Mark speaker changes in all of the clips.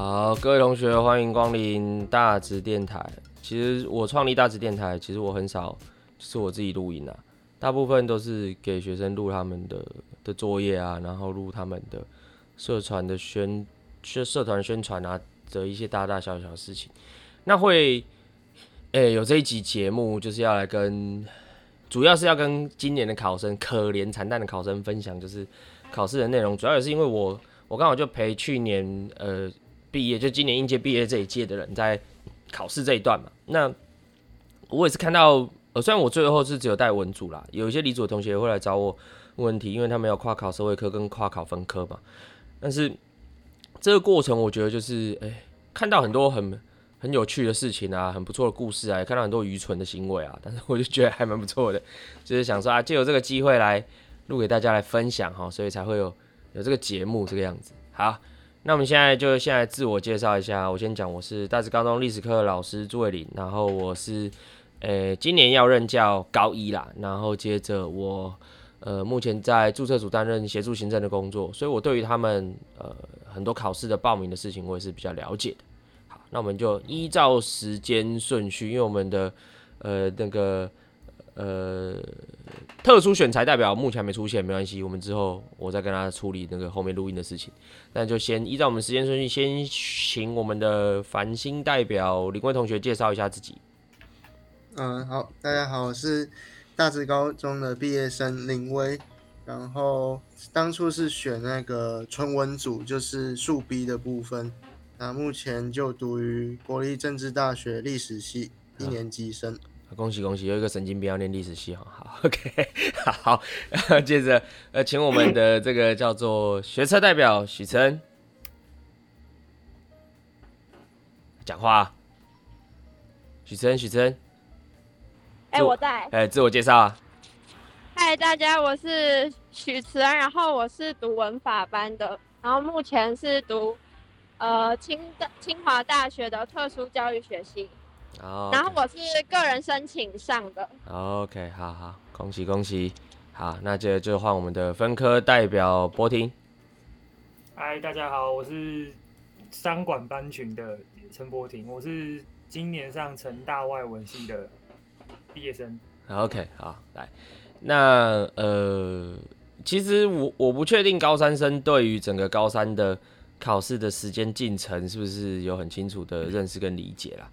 Speaker 1: 好，各位同學，歡迎光臨大直電台。其實我創立大直電台，其實我很少是我自己錄音啊，大部分都是給學生錄他們的的作業啊，然後錄他們的社團的宣社團宣傳啊的一些大大小小的事情。那會誒、欸、有這一集節目，就是要來跟，主要是要跟今年的考生可憐慘淡的考生分享，就是考試的內容。主要也是因為我我剛好就陪去年呃。畢業就今年應屆畢業這一屆的人在考試這一段嘛，那我也是看到，呃，雖然我最後是只有帶文組啦，有一些理組的同學也會來找我問問題，因為他們有跨考社會科跟跨考分科嘛。但是這個過程，我覺得就是，哎、欸，看到很多很很有趣的事情啊，很不錯的故事啊，也看到很多愚蠢的行為啊，但是我就覺得還蠻不錯的，就是想說啊，借由這個機會來錄給大家來分享哈，所以才會有有這個節目這個樣子。好。那我們現在就現在自我介紹一下，我先講，我是大直高中歷史科老師朱偉林，然後我是，呃，今年要任教高一啦，然後接着我，呃，目前在注冊組擔任協助行政的工作，所以我對於他們，呃，很多考試的報名的事情，我也是比較了解的。好，那我們就依照時間順序，因為我們的，呃，那個。呃，特殊選才代表目前還沒出現，沒關係，我們之後我再跟他處理那個後面錄音的事情。那就先依照我們時間順序，先請我們的繁星代表林威同學介紹一下自己。
Speaker 2: 嗯，好，大家好，我是大直高中的畢業生林威，然後當初是選那個純文組，就是數 B 的部分，那目前就讀於國立政治大學歷史系一年級生。嗯
Speaker 1: 恭喜恭喜，有一個神經病要念歷史系哈。好，OK，好，好 接着呃，請我們的這個叫做學車代表許晨講話。許晨，許晨，
Speaker 3: 哎、欸，我在。哎、欸，
Speaker 1: 自我介紹啊。
Speaker 3: 嗨，大家，我是許慈恩，然後我是讀文法班的，然後目前是讀呃清大清華大學的特殊教育學系。Okay. 然後我是個人申請上的。
Speaker 1: OK，好好，恭喜恭喜。好，那接着就換我們的分科代表柏廷。
Speaker 3: 嗨，大家好，我是
Speaker 4: 商管班群的陳柏廷，我是今年上成大外文系的畢業生。
Speaker 1: OK，好，來，那呃，其實我我不確定高三生對於整個高三的考試的時間進程是不是有很清楚的認識跟理解啦。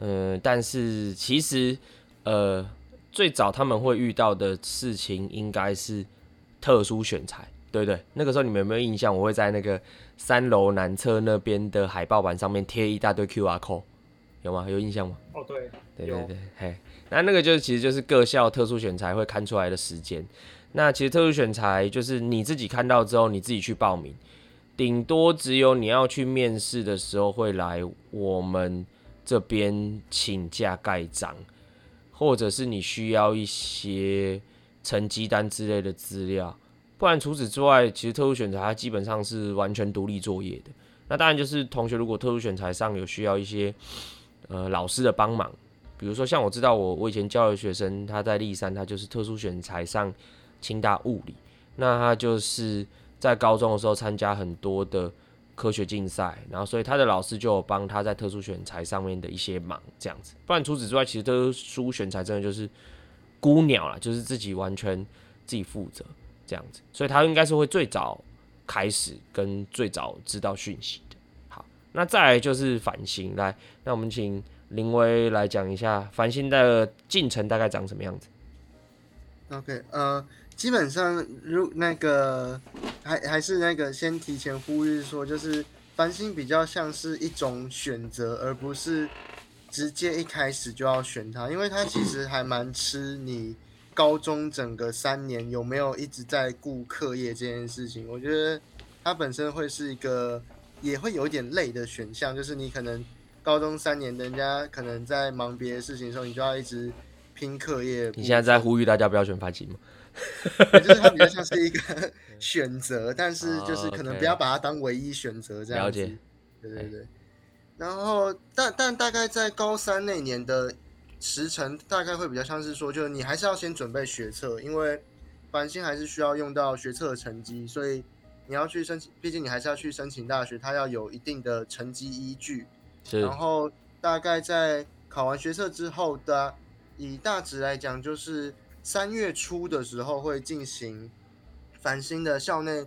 Speaker 1: 嗯、呃，但是其實，呃，最早他們會遇到的事情應該是特殊選才，對不對？那個時候你們有沒有印象？我會在那個三樓南側那邊的海報板上面貼一大堆 QR code，有嗎？有印象嗎？哦，對，對對對，嘿，那那個就是其實就是各校特殊選才會刊出來的時間。那其實特殊選才就是你自己看到之後，你自己去報名，頂多只有你要去面試的時候會來我們。這邊請假蓋章，或者是你需要一些成績單之類的資料。不然除此之外，其實特殊選材它基本上是完全獨立作業的。那當然就是同學如果特殊選材上有需要一些呃老師的幫忙，比如說像我知道我我以前教的學生，他在麗山，他就是特殊選材上清大物理，那他就是在高中的時候參加很多的科學競賽，然後所以他的老師就有幫他在特殊選才上面的一些忙，這樣子。不然除此之外，其實特殊選才真的就是孤鳥了，就是自己完全自己負責這樣子。所以他應該是會最早開始跟最早知道訊息的。好，那再來就是繁星，來，那我們請林威來講一下繁星的進程大概長什麼樣子。
Speaker 2: OK，呃、uh...。基本上，如那個，還還是那個，先提前呼籲說，就是繁星比較像是一種選擇，而不是直接一開始就要選它，因為它其實還蠻吃你高中整個三年有沒有一直在顧課業這件事情。我覺得它本身會是一個也會有點累的選項，就是你可能高中三年，人家可能在忙別的事情的時候，你就要一直拼課業。你現在
Speaker 1: 在呼籲大家不要選繁星嗎？
Speaker 2: 就是它比較像是一個選擇，但是就是可能不要把它當唯一選擇這樣，哦、okay、了解，對對對。欸、然後，但但大概在高三那年的時程，大概會比較像是說，就是你還是要先準備學測，因為繁星還是需要用到學測的成績，所以你要去申請，畢竟你還是要去申請大學，它要有一定的成績依據。然後，大概在考完學測之後的，以大致來講，就是。三月初的時候會進行繁星的校內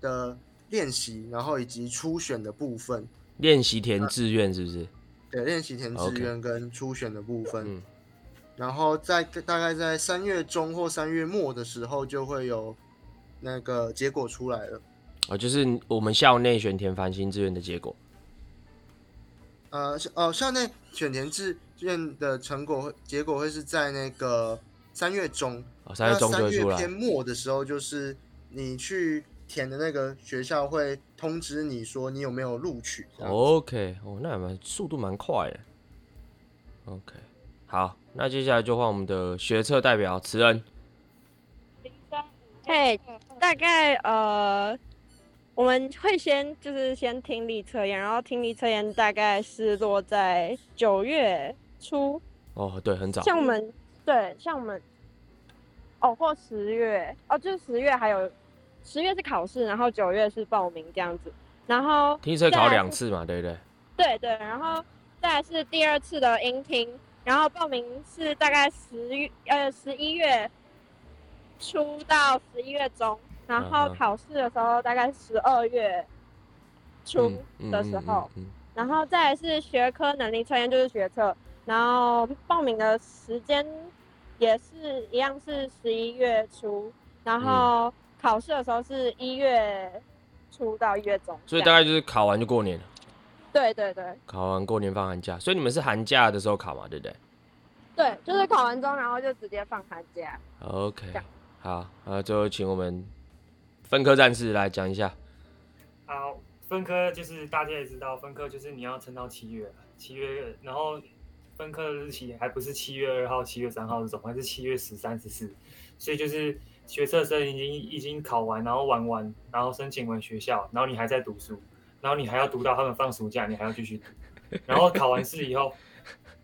Speaker 2: 的練習，然後以及初選的部分。
Speaker 1: 練習填志願是不是？
Speaker 2: 對，練習填志願跟初選的部分。Okay. 然後在大概在三月中或三月末的時候就會有那個結果出來了。
Speaker 1: 哦，就是我們校內選填繁星志願的結果。
Speaker 2: 呃，哦，校內選填志願的成果會，結果會是在那個。三月中，哦、三月中就會出來。那三月偏末的時候，就是你去填的那個學校會通知你說你有沒有錄取。
Speaker 1: OK，哦，那也蠻速度蠻快的。OK，好，那接下來就換我們的學測代表慈恩。
Speaker 3: 嘿、hey，大概呃，我們會先就是先聽力測驗，然後聽力測驗大概是落在九月初。
Speaker 1: 哦，對，很早，像我們。
Speaker 3: 對，像我們，哦，過十月，哦，就十月還有，十月是考試，然後九月是報名這樣子，然後聽說考兩
Speaker 1: 次嘛，對不對？
Speaker 3: 對對，然後再來是第二次的英聽，然後報名是大概十月呃十一月初到十一月中，然後考試的時候大概十二月初的時候，啊啊嗯嗯嗯嗯嗯、然後再來是學科能力測驗，就是學測，然後報名的時間。也是一樣，是十一月初，然後考試的時候是一月初到一月中，所以大
Speaker 1: 概就是考完就過年了。
Speaker 3: 對對對。
Speaker 1: 考完過年放寒假，所以你們是寒假的時候考嘛，對不對？
Speaker 3: 對，就是考完中，然後就直接放寒假。
Speaker 1: OK，好，呃，最後請我們分科戰士來講一下。
Speaker 4: 好，分科就是大家也知道，分科就是你要撐到七月，七月，月然後。分科的日期還不是七月二號、七月三號這種，還是七月十三、十四，所以就是學測生已經已經考完，然後玩完，然後申請完學校，然後你還在讀書，然後你還要讀到他們放暑假，你還要繼續讀，然後考完試以後，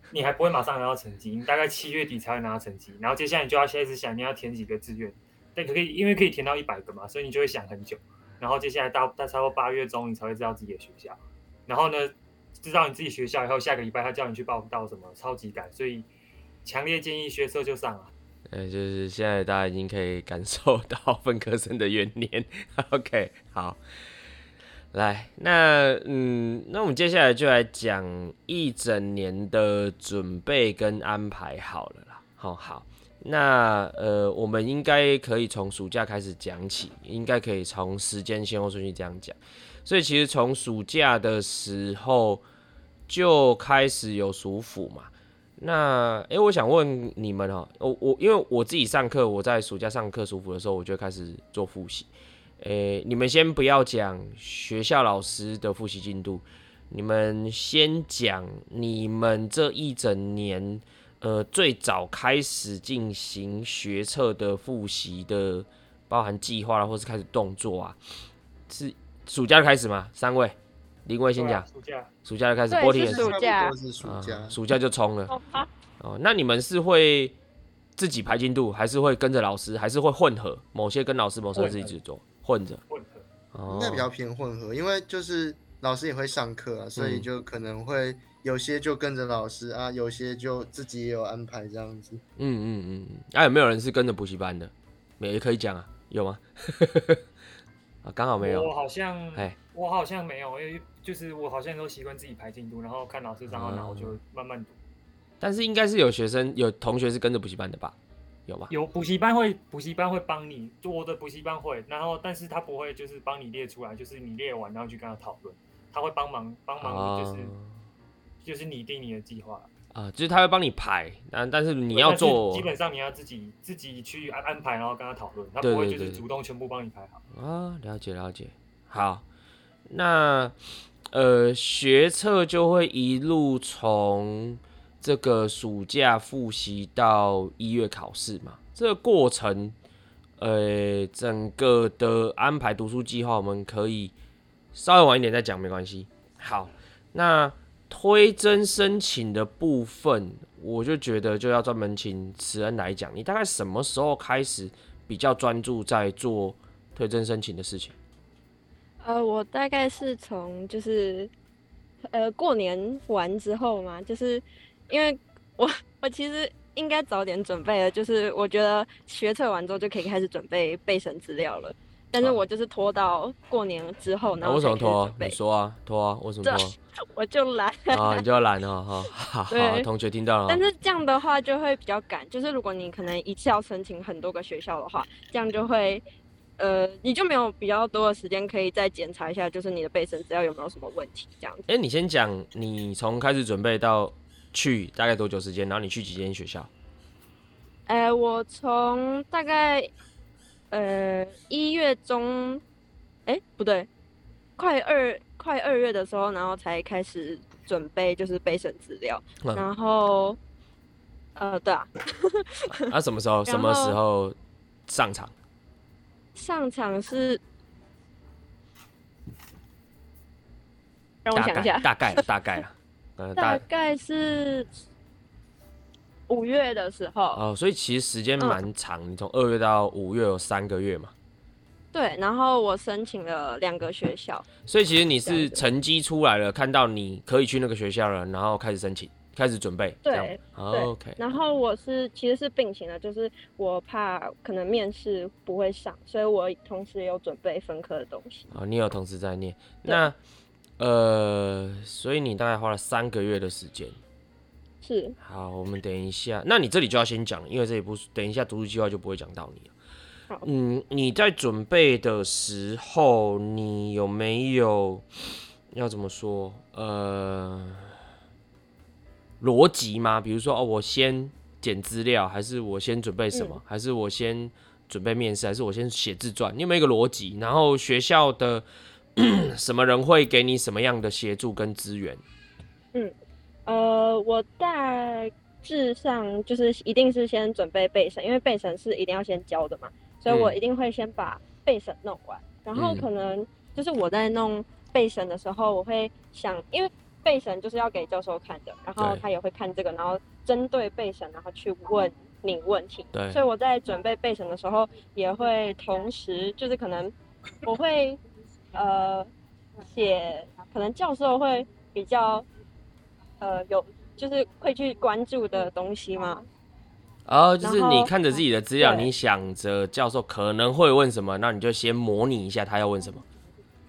Speaker 4: 你還不會馬上拿到成績，你大概七月底才會拿到成績，然後接下來你就要開始想你要填幾個志願，但可以因為可以填到一百個嘛，所以你就會想很久，然後接下來大大差不多八月中你才會知道自己的學校，然後呢？知道你自己學校以後，下個禮拜他叫你去報到，什麼超級趕？所以強烈建議學測就上了。
Speaker 1: 呃，就是現在大家已經可以感受到分科生的怨念。OK，好，來，那嗯，那我們接下來就來講一整年的準備跟安排好了啦。好、哦、好，那呃，我們應該可以從暑假開始講起，應該可以從時間先後順序這樣講。所以其實從暑假的時候就開始有暑輔嘛。那誒、欸，我想問你們哦、喔，我我因為我自己上課，我在暑假上課暑輔的時候，我就開始做複習。誒、欸，你們先不要講學校老師的複習進度，你們先講你們這一整年，呃，最早開始進行學測的複習的，包含計劃或是開始動作啊，是。暑假開始嘛，三位，林威先講、啊。暑假，暑假開始。柏廷是暑是暑假。嗯、暑假就衝了，哦
Speaker 3: 就了
Speaker 1: 哦、啊。哦，那你們是會自己排進度，還是會跟着老師，還是會混合某些跟老師，某些自己做，混着、哦。應該比較
Speaker 2: 偏混合，因為就是老師也會上課、啊，所以就可能會有些就跟着老師啊，有些就自己也有安排這樣子。嗯嗯
Speaker 1: 嗯嗯。那、嗯啊、有沒有人是跟着補習班的？沒也可以講啊，有嗎？ 啊，剛好沒有。我好像，
Speaker 4: 我好像沒有，因為就是我好像都習慣自己排進度，然後看老師上到哪，然後我就慢慢讀、嗯。
Speaker 1: 但是應該是有學生有同學是跟着補習班的吧？有吧。
Speaker 4: 有補習班會，補習班會幫你，做我的補習班會，然後但是他不會就是幫你列出來，就是你列完然後去跟他討論，他會幫忙幫忙、就是嗯，就是就是擬定你的計劃。
Speaker 1: 啊、呃，就是他會幫你排，但、啊、但是你要做，基本
Speaker 4: 上你要自己自己去安安排，然後跟他討論，他不會就是主動全部幫你排
Speaker 1: 好，對對對。啊，了解了解。好，那呃學測就會一路從這個暑假複習到一月考試嘛，這個過程，呃，整個的安排讀書計劃，我們可以稍微晚一點再講，沒關係。好，那。推甄申請的部分，我就覺得就要專門請慈恩來講。你大概什麼時候開始比較專注在做推甄申請的事情？
Speaker 3: 呃，我大概是從就是呃過年完之後嘛，就是因為我我其實應該早點準備了，就是我覺得學測完之後就可以開始準備備審資料了。但是我就是拖到過年之後，那為、哦、什麼拖、啊？你
Speaker 1: 說啊，拖啊，為什麼拖、啊？
Speaker 3: 我就懶啊，你
Speaker 1: 就要懶了哈。好、啊啊， 同學聽到了。但是
Speaker 3: 這樣的話就會比較趕，就是如果你可能一次要申請很多個學校的話，這樣就會，呃，你就沒有比較多的時間可以再檢查一下，就是你的備審資料有沒有什麼問題這樣
Speaker 1: 子。哎，你先講，你從開始準備到去大概多久時間？然後你去幾間學校？
Speaker 3: 哎，我從大概。呃，一月中，哎，不對，快二快二月的時候，然後才開始準備，就是備審資料、嗯，然後，呃，對啊，那、啊、什麼時候 什麼時
Speaker 1: 候上場？
Speaker 3: 上場是，讓我想一下，大概大概，大概 呃大，大概是。五月的時候，
Speaker 1: 哦，所以其實時間蠻長，嗯、你從二月到五月有三個月嘛？
Speaker 3: 對，然後我申請了兩個學校，
Speaker 1: 所以其實你是成績出來了對對對，看到你可以去那個學校了，然後開始申請，開始準備，對,對、哦、，OK。然
Speaker 3: 後我是其實是並行的，就是我怕可能面試不會上，所以我同時也有準備分科的東西。
Speaker 1: 哦，你有同時在念，那呃，所以你大概花了三個月的時間。是好，我們等一下。那你這裡就要先講，因為這裡不等一下讀書計劃就不會講到你。嗯，你在準備的時候，你有沒有要怎麼說？呃，邏輯嗎？比如說，哦，我先撿資料，還是我先準備什麼？嗯、還是我先準備面試？還是我先寫自傳？你有沒有一個邏輯？然後學校的 什麼人會給你什麼樣的協助跟資源？
Speaker 3: 嗯。呃，我大致上就是一定是先準備備審，因為備審是一定要先交的嘛，所以我一定會先把備審弄完，嗯。然後可能就是我在弄備審的時候，我會想，嗯，因為備審就是要給教授看的，然後他也會看這個，然後針對備審，然後去問你問題。對，所以我在準備備審的時候，也會同時就是可能我會 呃寫，可能教授會比較。呃，有就是會去關注的東西嗎？
Speaker 1: 哦，就是你看着自己的資料，你想着教授可能會問什麼，那你就先模擬一下他要問什麼。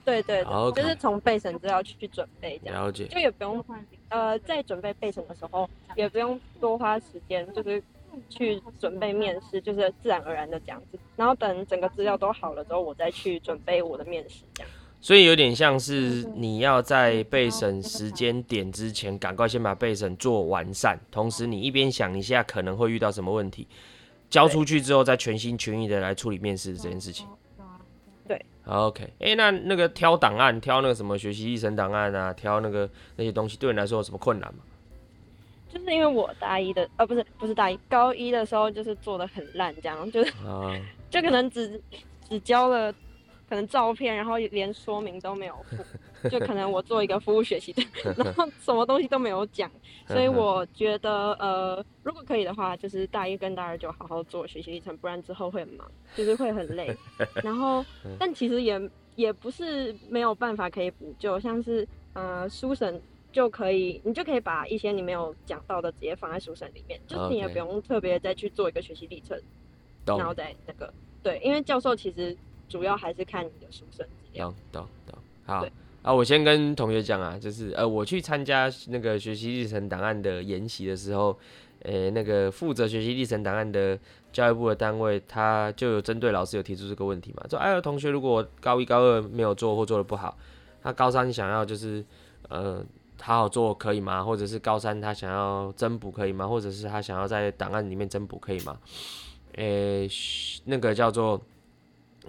Speaker 3: 對對，然後，okay. 就是從備審資料去，去準備這樣。了解。就也不用呃，在準備備審的時候，也不用多花時間，就是去準備面試，就是自然而然的這樣子。然後等整個資料都好了之後，我再去準備我的面試這樣。
Speaker 1: 所以有點像是你要在備審時間點之前，趕快先把備審做完善，同時你一邊想一下可能會遇到什麼問題，交出去之後再全心全意的來處理面試這件事情。對，OK，哎、欸，那那個挑檔案，挑那個什麼學習歷程檔案啊，挑那個那些東西，對你來說有什麼困難嗎？
Speaker 3: 就是因為我大一的，呃、啊，不是不是大一，高一的時候就是做的很爛，這樣就是啊、就可能只只交了。可能照片，然後連說明都沒有附，就可能我做一個服務學習，的， 然後什麼東西都沒有講，所以我覺得呃，如果可以的話，就是大一跟大二就好好做學習歷程，不然之後會很忙，就是會很累。然後，但其實也也不是沒有辦法可以補救，像是呃書審就可以，你就可以把一些你沒有講到的直接放在書審裡面，就是你也不用特別再去做一個學習歷程，Okay. 然後再那個、Oh. 對，因為教授其實。
Speaker 1: 主要還是看你的書本質懂懂懂。好啊，我先跟同學講啊，就是呃，我去參加那個學習歷程檔案的研習的時候，誒，那個負責學習歷程檔案的教育部的單位，他就有針對老師有提出這個問題嘛，說哎，同學如果高一高二沒有做或做的不好，他高三想要就是呃好好做可以嗎？或者是高三他想要增補可以嗎？或者是他想要在檔案裡面增補可以嗎？誒，那個叫做。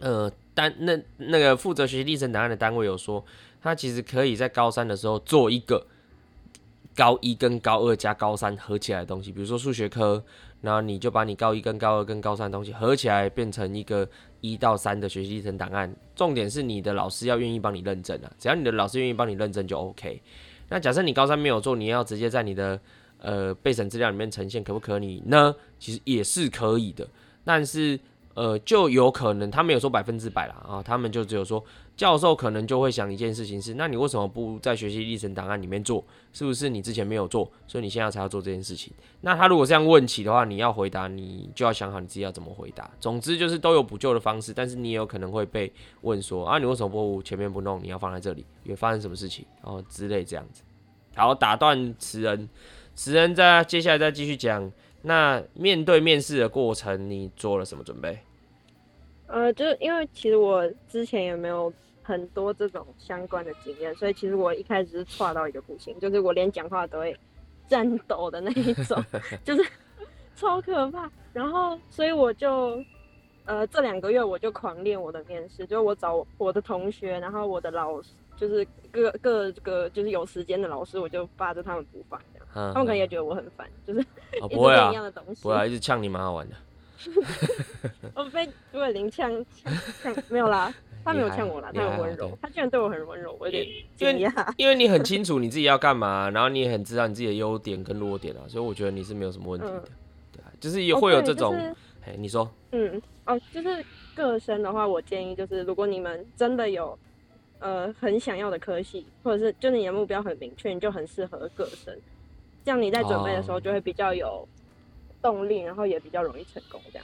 Speaker 1: 呃，單那那個負責學習歷程檔案的單位有說，他其實可以在高三的時候做一個高一跟高二加高三合起來的東西，比如說數學科，然後你就把你高一跟高二跟高三的東西合起來，變成一個一到三的學習歷程檔案。重點是你的老師要願意幫你認證啊，只要你的老師願意幫你認證就 OK。那假設你高三沒有做，你要直接在你的呃備審資料裡面呈現，可不可以呢？其實也是可以的，但是。呃，就有可能他沒有說百分之百了，啊、哦，他們就只有說教授可能就會想一件事情是，那你為什麼不在學習歷程檔案裡面做？是不是你之前沒有做，所以你現在才要做這件事情？那他如果這樣問起的話，你要回答，你就要想好你自己要怎麼回答。總之就是都有補救的方式，但是你也有可能會被問說啊，你為什麼不前面不弄？你要放在這裡，有發生什麼事情？然、哦、後之類這樣子。好，打斷慈恩，慈恩再接下來再繼續講。那面對面試的過程，你做了什麼準備？
Speaker 3: 呃，就是因為其實我之前也沒有很多這種相關的經驗，所以其實我一開始是挫到一個不行，就是我連講話都會顫抖的那一
Speaker 2: 種， 就
Speaker 3: 是超可怕。然後，所以我就呃這兩個月我就狂練我的面試，就是我找我的同學，然後我的老師。就是各各個，就是有時間的老師，我就巴着他們不放。這樣、嗯。他們可能也覺得我很煩、嗯，就是一直變一樣的東西。哦、不會、啊不會啊、一
Speaker 1: 直嗆你蠻好玩的。
Speaker 3: 我被朱偉林嗆嗆嗆，沒有啦，他沒有嗆我啦，他很溫柔還還，他居然對我很溫柔，我有點驚訝。因為因為你很
Speaker 1: 清楚你自己要幹嘛，然後你也很知道你自己的優點跟弱點啊，所以我覺得你是沒有什麼問題的。嗯、對、啊、就是也會有這種，哎、哦就是，你說？
Speaker 3: 嗯，哦，就是個身的話，我建議就是如果你們真的有。呃，很想要的科系，或者是就你的目標很明確，你就很適合個申，這樣你在準備的時候就會比較有動力，Oh. 然後也比較容易成功。這樣。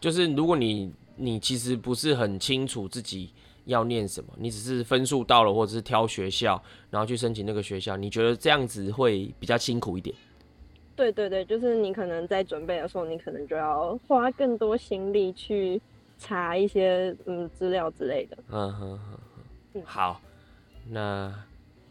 Speaker 1: 就是如果你你其實不是很清楚自己要念什麼，你只是分數到了或者是挑學校，然後去申請那個學校，你覺得這樣子會比較辛苦一點？
Speaker 3: 對對對，就是你可能在準備的時候，你可能就要花更多心力去查一些嗯資料之類的。嗯
Speaker 1: 嗯哼。好，那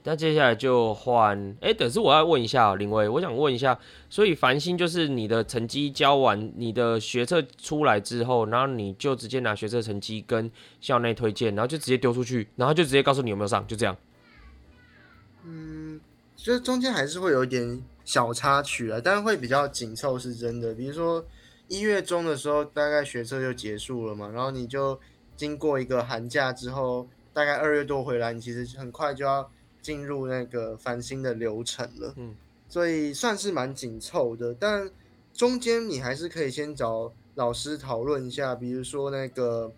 Speaker 1: 那接下來就換哎，等一下我要問一下林威，我想問一下，所以繁星就是你的成績交完，你的學測出來之後，然後你就直接拿學測成績跟校內推薦，然後就直接丟出去，然後就直接告訴你有沒有上，就這樣。
Speaker 2: 嗯，其實中間還是會有一點小插曲啊，但是會比較緊湊是真的。比如說一月中的時候，大概學測就結束了嘛，然後你就經過一個寒假之後。大概二月多回來，你其實很快就要進入那個繁星的流程了，嗯，所以算是蠻緊湊的。但中間你還是可以先找老師討論一下，比如說那個，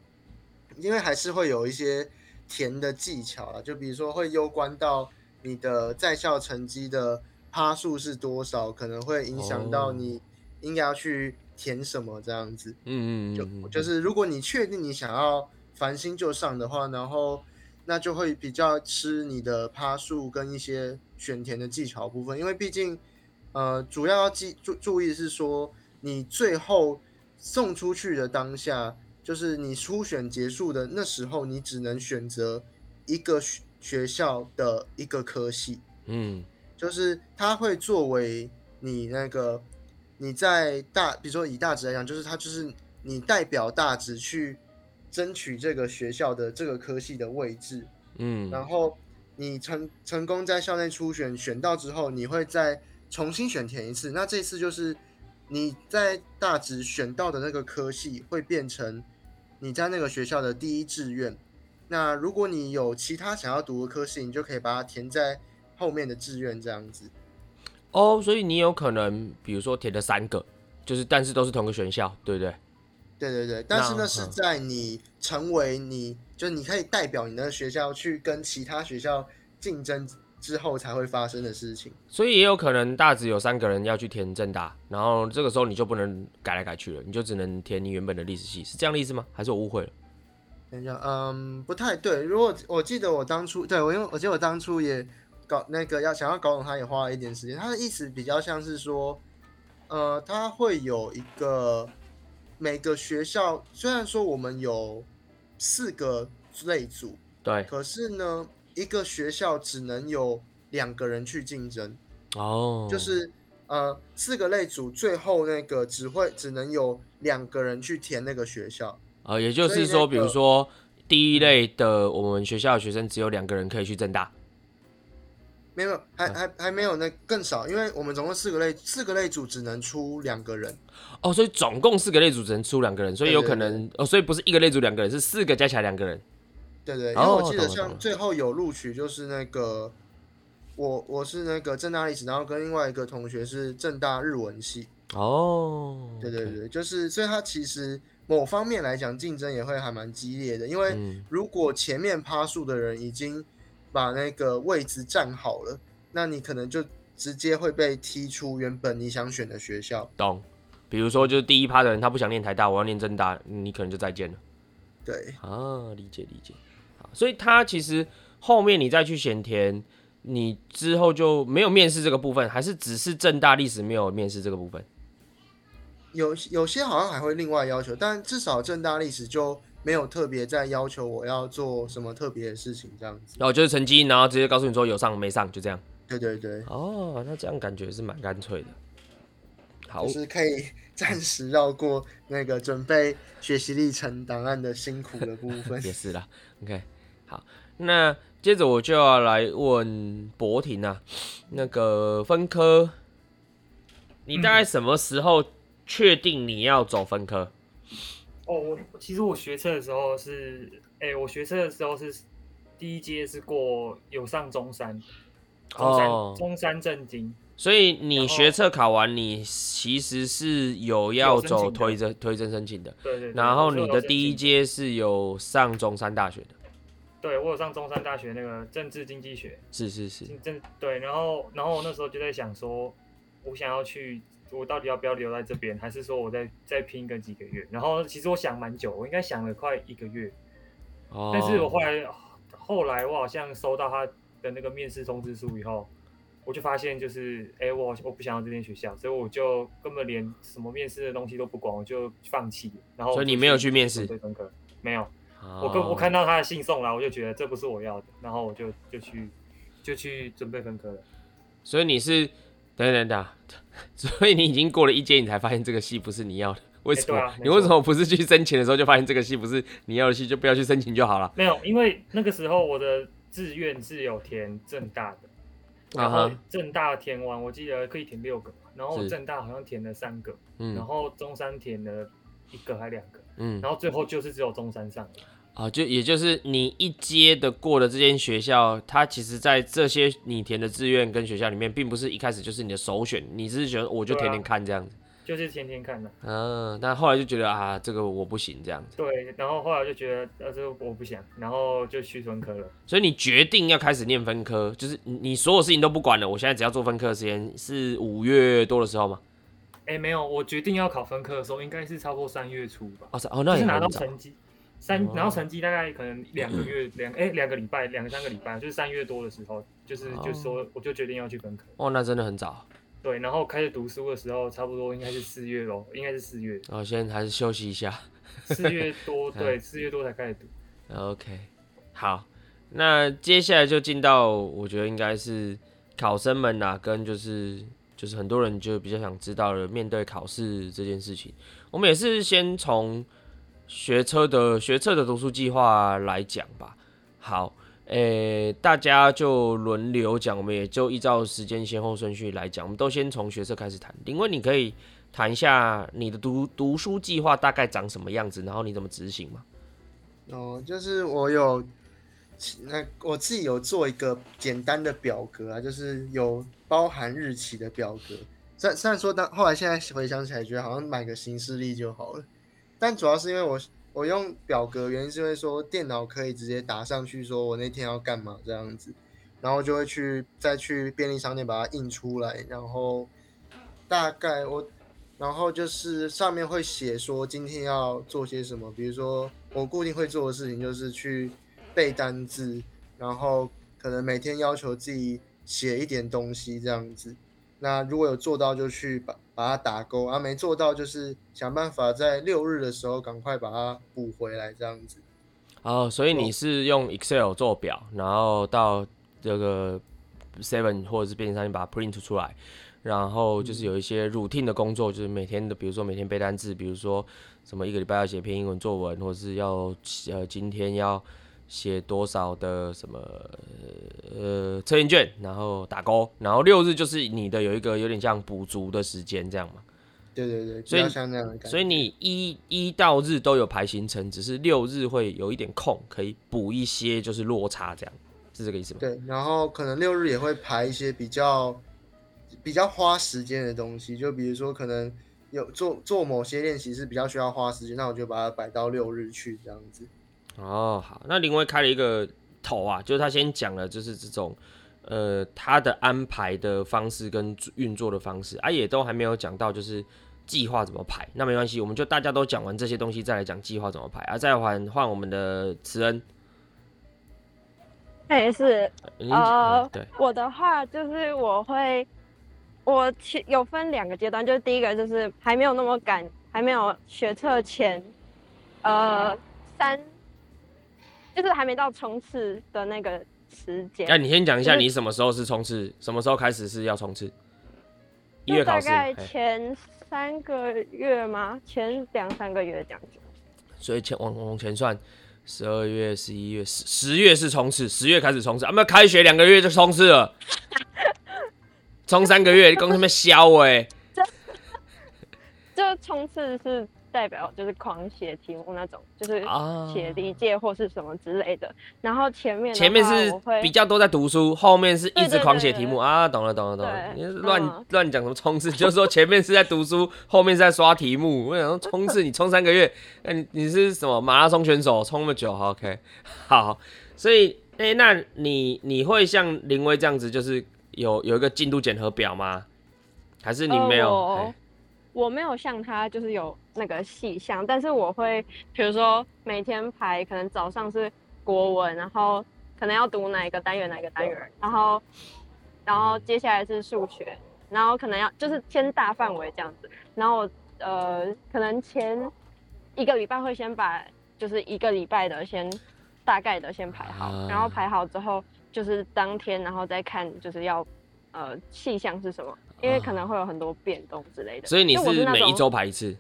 Speaker 2: 因為還是會有一些填的技巧啊，就比如說會攸關到你的在校成績的趴數是多少，可能會影響到你應該要去填什麼這樣子。嗯嗯，就就是如果你確定你想要。繁星就上的話，然後那就會比較吃你的趴數跟一些選填的技巧的部分，因為畢竟，呃，主要要記注注意的是說，你最後送出去的當下，就是你初選結束的那時候，你只能選擇一個學學校的一個科系，嗯，就是它會作為你那個你在大，比如說以大直來講，就是它就是你代表大直去。爭取這個學校的這個科系的位置，
Speaker 4: 嗯，然
Speaker 2: 後你成成功在校內初選選到之後，你會再重新選填一次。那這次就是你在大直選到的那個科系會變成你在那個學校的第一志願。那如果你有其他想要讀的科系，你就可以把它填在後面的志願這樣子。
Speaker 1: 哦，所以你有可能，比如說填了三個，就是但是都是同個學校，對不對？
Speaker 2: 對對對，但是呢，是在你成為你， 就你可以代表你的學校去跟其他學校競爭之後才會發生的事情。
Speaker 1: 所以也有可能，大致有三個人要去填政大，然後這個時候你就不能改來改去了，你就只能填你原本的歷史系，是這樣的意思嗎？還是我誤會了？等
Speaker 2: 一下，嗯，不太對。如果我記得我當初，對我因為我記得我當初也搞那個要想要搞懂，他也花了一點時間。他的意思比較像是說，呃，他會有一個。每個學校雖然說我們有四個類組，對，可是呢，一個學校只能有兩個人去競爭。
Speaker 1: 哦，就是
Speaker 2: 呃，四個類組，最後那個只會只能有兩個人去填那個學校。
Speaker 1: 呃、哦，也就是說，那個、比如說第一類的，我們學校的學生只有兩個人可以去政大。
Speaker 2: 沒有，還還還沒有那更少，因為我們總共四個類四個類組只能出兩個人
Speaker 1: 哦，所以總共四個類組只能出兩個人，所以有可能對對對對哦，所以不是一個類組兩個人，是四個加起來兩個人。對,
Speaker 2: 對對，因為我記得像、哦、最後有錄取，就是那個我我是那個政大歷史，然後跟另外一個同學是政大日文系哦，對對對，okay. 就是所以他其實某方面來講競爭也會還蠻激烈的，因為如果前面趴數的人已經。把那個位置占好了，那你可能就直接會被踢出原本你想選的學校。
Speaker 1: 懂，比如說就是第一趴的人，他不想念台大，我要念政大，你可能就再見了。對，啊，理解理解。所以他其實後面你再去選填，你之後就沒有面試這個部分，還是只是政大歷史沒有面試這個部分？
Speaker 2: 有有些好像還會另外要求，但至少政大歷史就。沒有特別再要求我要做什麼特別的事情，這樣子。
Speaker 1: 然後就是成績，然後直接告訴你說有上沒上，就這樣。對對對。哦，那這樣感覺是蠻乾脆的。好，就是
Speaker 2: 可以暫時繞過那個準備學習歷程檔案的辛苦的部分， 也
Speaker 1: 是了。OK，好，那接着我就要來問柏廷啊，那個分科，你大概什麼時候確定你要走分科？嗯
Speaker 4: 哦、oh,，我其實我學車的時候是，哎、欸，我學測的時候是第一階是過有上中山，中山、oh. 中山政經，
Speaker 1: 所以你學測考完，你其實是有要走推甄推甄申請的，請的對、對對，然後你的第一階是有上中山大學的，
Speaker 4: 對，我有上中山大學那個政治經濟學，
Speaker 1: 是是是，
Speaker 4: 政對，然後然後我那時候就在想說，我想要去。我到底要不要留在這邊，還是說我再再拼個幾個月？然後其實我想蠻久，我應該想了快一個月。Oh. 但是我後來後來我好像收到他的那個面試通知書以後，我就發現就是，誒、欸，我我不想要這間學校，所以我就根本連什麼面試的東西都不管，我就放棄。然後所以你沒有去面試準備分科？沒有，我跟我看到他的信送來，我就覺得這不是我要的，然後我就就去就去準備分科了。
Speaker 1: 所以你是？等一等等，所以你已經過了一階，你才發現這個系不是你要的，為什麼、欸啊？你為什麼不是去申請的時候就發現這個系不是你要的系，就不要去申請就好了？
Speaker 4: 沒有，因為那個時候我的志願是有填政大的，然、啊、後政大填完，我記得可以填六個，然後政大好像填了三個，然後中山填了一個還兩個、嗯，然後最後就是只有中山上了。啊，
Speaker 1: 就也就是你一接的過的這間學校，它其實在這些你填的志願跟學校裡面，並不是一開始就是你的首選，你只是，是覺得我就天天看這樣子，啊、
Speaker 4: 就是天天看的。嗯，
Speaker 1: 那後來就覺得啊，這個我不行這樣子。
Speaker 4: 對，然後後來就覺得啊，這個我不想，然後就去分科了。
Speaker 1: 所以你決定要開始念分科，就是你所有事情都不管了，我現在只要做分科的時。時間是五月多的時候嗎？
Speaker 4: 哎、欸，沒有，我決定要考分科的時候，應該是超過三月初吧。哦，哦，那你拿到成績。三，然後成績大概可能兩個月兩哎兩個禮拜兩三個禮拜，就是三月多的時候，就是、oh. 就說我就決定要去分科
Speaker 1: 哦，oh, 那真的很早。
Speaker 4: 對，然後開始讀書的時候，差不多應該是四月咯，應該是四月。
Speaker 1: 哦、oh,，先還是休息一下。四
Speaker 4: 月多， 對，四月多才開始讀。
Speaker 1: OK，好，那接下來就進到我覺得應該是考生們吶、啊，跟就是就是很多人就比較想知道的，面對考試這件事情，我們也是先從學測的學測的讀書計劃來講吧，好，誒、欸，大家就輪流講，我們也就依照時間先後順序來講，我們都先從學測開始談。林威，你可以談一下你的讀讀書計劃大概長什麼樣子，然後你怎麼執行嗎？
Speaker 2: 哦，就是我有，那我自己有做一個簡單的表格啊，就是有包含日期的表格。雖雖然說到，到後來現在回想起來，覺得好像買個行事曆就好了。但主要是因為我我用表格，原因是因為說電腦可以直接打上去，說我那天要幹嘛這樣子，然後就會去再去便利商店把它印出來，然後大概我，然後就是上面會寫說今天要做些什麼，比如說我固定會做的事情就是去背單字，然後可能每天要求自己寫一點東西這樣子。那如果有做到，就去把把它打勾啊；沒做到，就是想辦法在六日的時候趕快把它補回來，這樣子。哦，
Speaker 1: 所以你是用 Excel 做表，然後到這個 Seven 或者是便利商店把它 Print 出來，然後就是有一些 routine 的工作，嗯、就是每天的，比如說每天背單詞，比如說什麼一個禮拜要寫篇英文作文，或者是要呃今天要寫多少的什麼。呃，測驗卷，然後打勾，然後六日就是你的有一個有點像補足的時間這樣嘛？
Speaker 2: 對對對，所以像這樣的感所，
Speaker 1: 所以你一一到日都有排行程，只是六日會有一點空，可以補一些就是落差這樣，是這個意思嗎？
Speaker 2: 對，然後可能六日也會排一些比較比較花時間的東西，就比如說可能有做做某些練習是比較需要花時間，那我就把它擺到六日去這樣子。
Speaker 1: 哦，好，那林威開了一個。頭啊，就是他先講了，就是這種，呃，他的安排的方式跟運作的方式啊，也都還沒有講到，就是計劃怎麼排。那沒關係，我們就大家都講完這些東西，再來講計劃怎麼排啊，再換換我們的慈恩。
Speaker 3: 哎、欸，是，嗯、呃，嗯、對。呃，我的話就是我會，我有分兩個階段，就是第一個就是還沒有那麼趕，還沒有學測前，呃，三。就是還沒到衝刺的那個時間。那、啊、你先講一下，你什
Speaker 1: 麼時候是衝刺、就是？什麼時候開始是要衝刺？一月大概
Speaker 3: 前三個月嗎？前兩三個月這樣
Speaker 1: 子。所以前往往前算，十二月、十一月、十十月是衝刺，十月開始衝刺。我、啊、們開學兩個月就衝刺了，衝 三個月你說什麼笑哎。
Speaker 3: 這衝刺是。代表就是狂寫題目那種，就是寫理解或是什麼之類的，啊、然後前面前面是比較
Speaker 1: 多在讀書，後面是一直狂寫題目。對對對對對啊，懂了懂了懂了。亂亂講什麼衝刺？ 就是說前面是在讀書，後面是在刷題目。我想說衝刺，你衝三個月，那 你你是什麼馬拉松選手？衝那麼久，好，OK？好，所以哎、欸，那你你會像林威這樣子，就是有有一個進度檢核表嗎？還是你沒有？哦
Speaker 3: 我沒有像他，就是有那個細項，但是我會，比如說每天排，可能早上是國文，然後可能要讀哪一個單元，哪一個單元，然後，然後接下來是數學，然後可能要就是先大範圍這樣子，然後呃，可能前一個禮拜會先把就是一個禮拜的先大概的先排好，然後排好之後就是當天，然後再看就是要呃細項是什麼。因為可能會有很多變動之類的、啊，所以你是每一周排一次。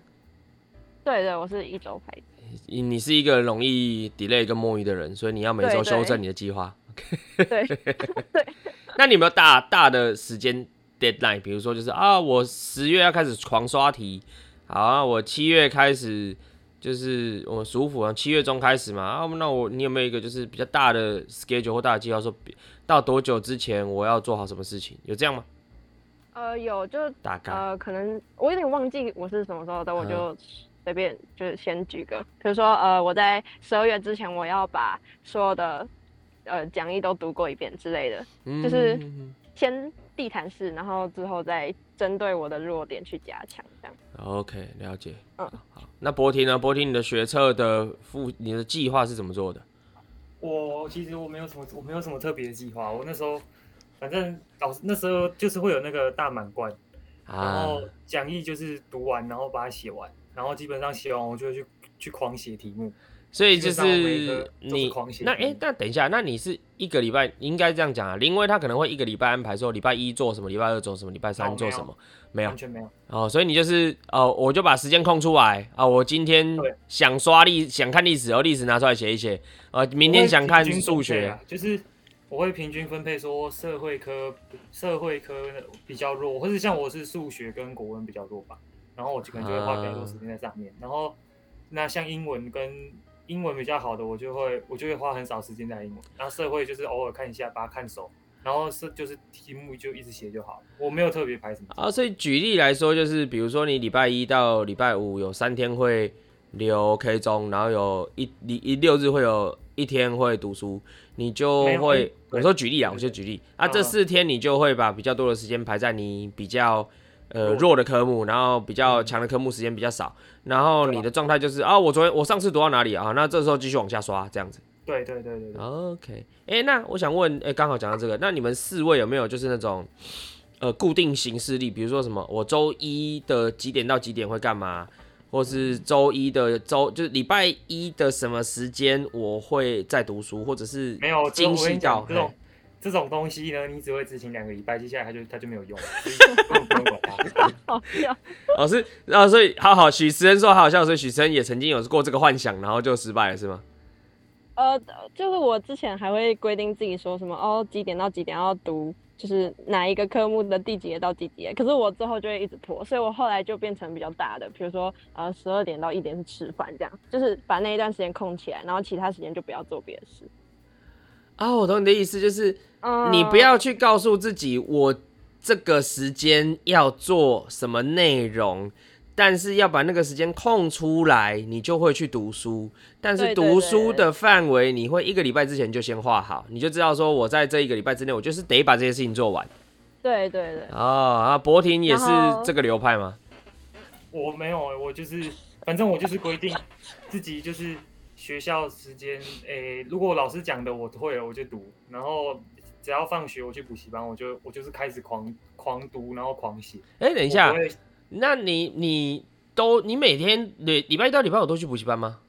Speaker 3: 對對，我是一周排
Speaker 1: 一次。你是一個容易 delay 跟摸魚的人，所以你要每周修正你的計劃。對，對。 對對笑那你有沒有大大的時間 deadline？比如說，就是啊，我十月要開始狂刷題，好，我七月開始，就是我們舒服啊，七月中開始嘛。啊，那我你有沒有一個就是比較大的 schedule 或大的計劃，說到多久之前我要做好什麼事情？有這樣嗎？
Speaker 3: 呃，有就大概呃，可能我有點忘記我是什麼時候的，但我就隨便就是先舉個，比如說呃，我在十二月之前我要把所有的呃講義都讀過一遍之類的，嗯、就是先地毯式，然後之後再針對我的弱點去加強這樣。
Speaker 1: OK，了解。嗯，好，那柏廷呢？柏廷你的學測的複，你的計劃是怎麼做的？
Speaker 4: 我其實我沒有什麼，我沒有什麼特別的計劃，我那時候。反正老那時候就是會有那個大滿貫、啊，然後講義就是讀完，然後把它寫完，然後基本上寫完我就去去狂寫題目，
Speaker 1: 所以就是，就是狂你那誒、欸，那等一下，那你是一個禮拜應該這樣講啊，林威他可能會一個禮拜安排說禮拜一做什麼，禮拜二做什麼，禮拜三做什麼，沒有，沒有完全沒有，沒有哦，所以你就是哦、呃，我就把時間空出來啊、呃，我今天想刷歷想看歷史，後、哦、歷史拿出來寫一寫，呃，明天想看數學，學、啊，就
Speaker 4: 是。我會平均分配，說社會科，社會科比較弱，或者像我是數學跟國文比較弱吧，然後我就可能就會花更多時間在上面，啊、然後那像英文跟英文比較好的，我就會我就會花很少時間在英文，然後社會就是偶爾看一下，把它看熟，然後是就是題目就一直寫就好，我沒有特別排什麼啊。
Speaker 1: 所以舉例來說，就是比如說你禮拜一到禮拜五有三天會留 K 中，然後有一一、一六日會有。一天會讀書，你就會我說舉例啊，我就舉例。對對對啊。這四天你就會把比較多的時間排在你比較、嗯、呃弱的科目，然後比較強的科目時間比較少，然後你的狀態就是啊、哦，我昨天我上次讀到哪裡啊？那這時候繼續往下刷這樣子。對對對對，對，對。OK，哎、欸，那我想問，哎、欸，剛好講到這個，那你們四位有沒有就是那種呃固定型式例，比如說什麼，我周一的幾點到幾點會幹嘛？或是周一的周就是禮拜一的什麼時間我會在讀書，或者是精沒有驚喜到這種
Speaker 4: 這種東西呢？你只會執行兩個禮拜，接下來它就它就沒有用了。
Speaker 1: 老師，然後所以 好好，笑 好、啊、以好、好許慈恩說好笑，所以許慈恩也曾經有過這個幻想，然後就失敗了，是嗎？
Speaker 3: 呃，就是我之前還會規定自己說什麼哦幾點到幾點要讀。就是哪一個科目的第幾頁到第幾頁，可是我之後就會一直拖，所以我後來就變成比較大的，比如說呃，十二點到一點是吃飯這樣，就是把那一段時間空起來，然後其他時間就不要做別的事。
Speaker 1: 啊、哦，我懂你的意思，就是你不要去告訴自己我這個時間要做什麼內容。但是要把那個時間空出來，你就會去讀書。但是讀書的範圍，你會一個禮拜之前就先畫好，你就知道說，我在這一個禮拜之內，我就是得把這些事情做完。對
Speaker 3: 對對。
Speaker 1: 啊、哦、啊！柏廷也是這個流派嗎？
Speaker 3: 我沒有，
Speaker 4: 我就是反正我就是規定自己，就是學校時間，誒、欸，如果老師講的我會了，我就讀；然後只要放學我去補習班，我就我就是開始狂狂讀，然後狂寫。
Speaker 1: 哎、欸，等一下。那你你都你每天禮禮拜一到禮拜五都去補習班嗎？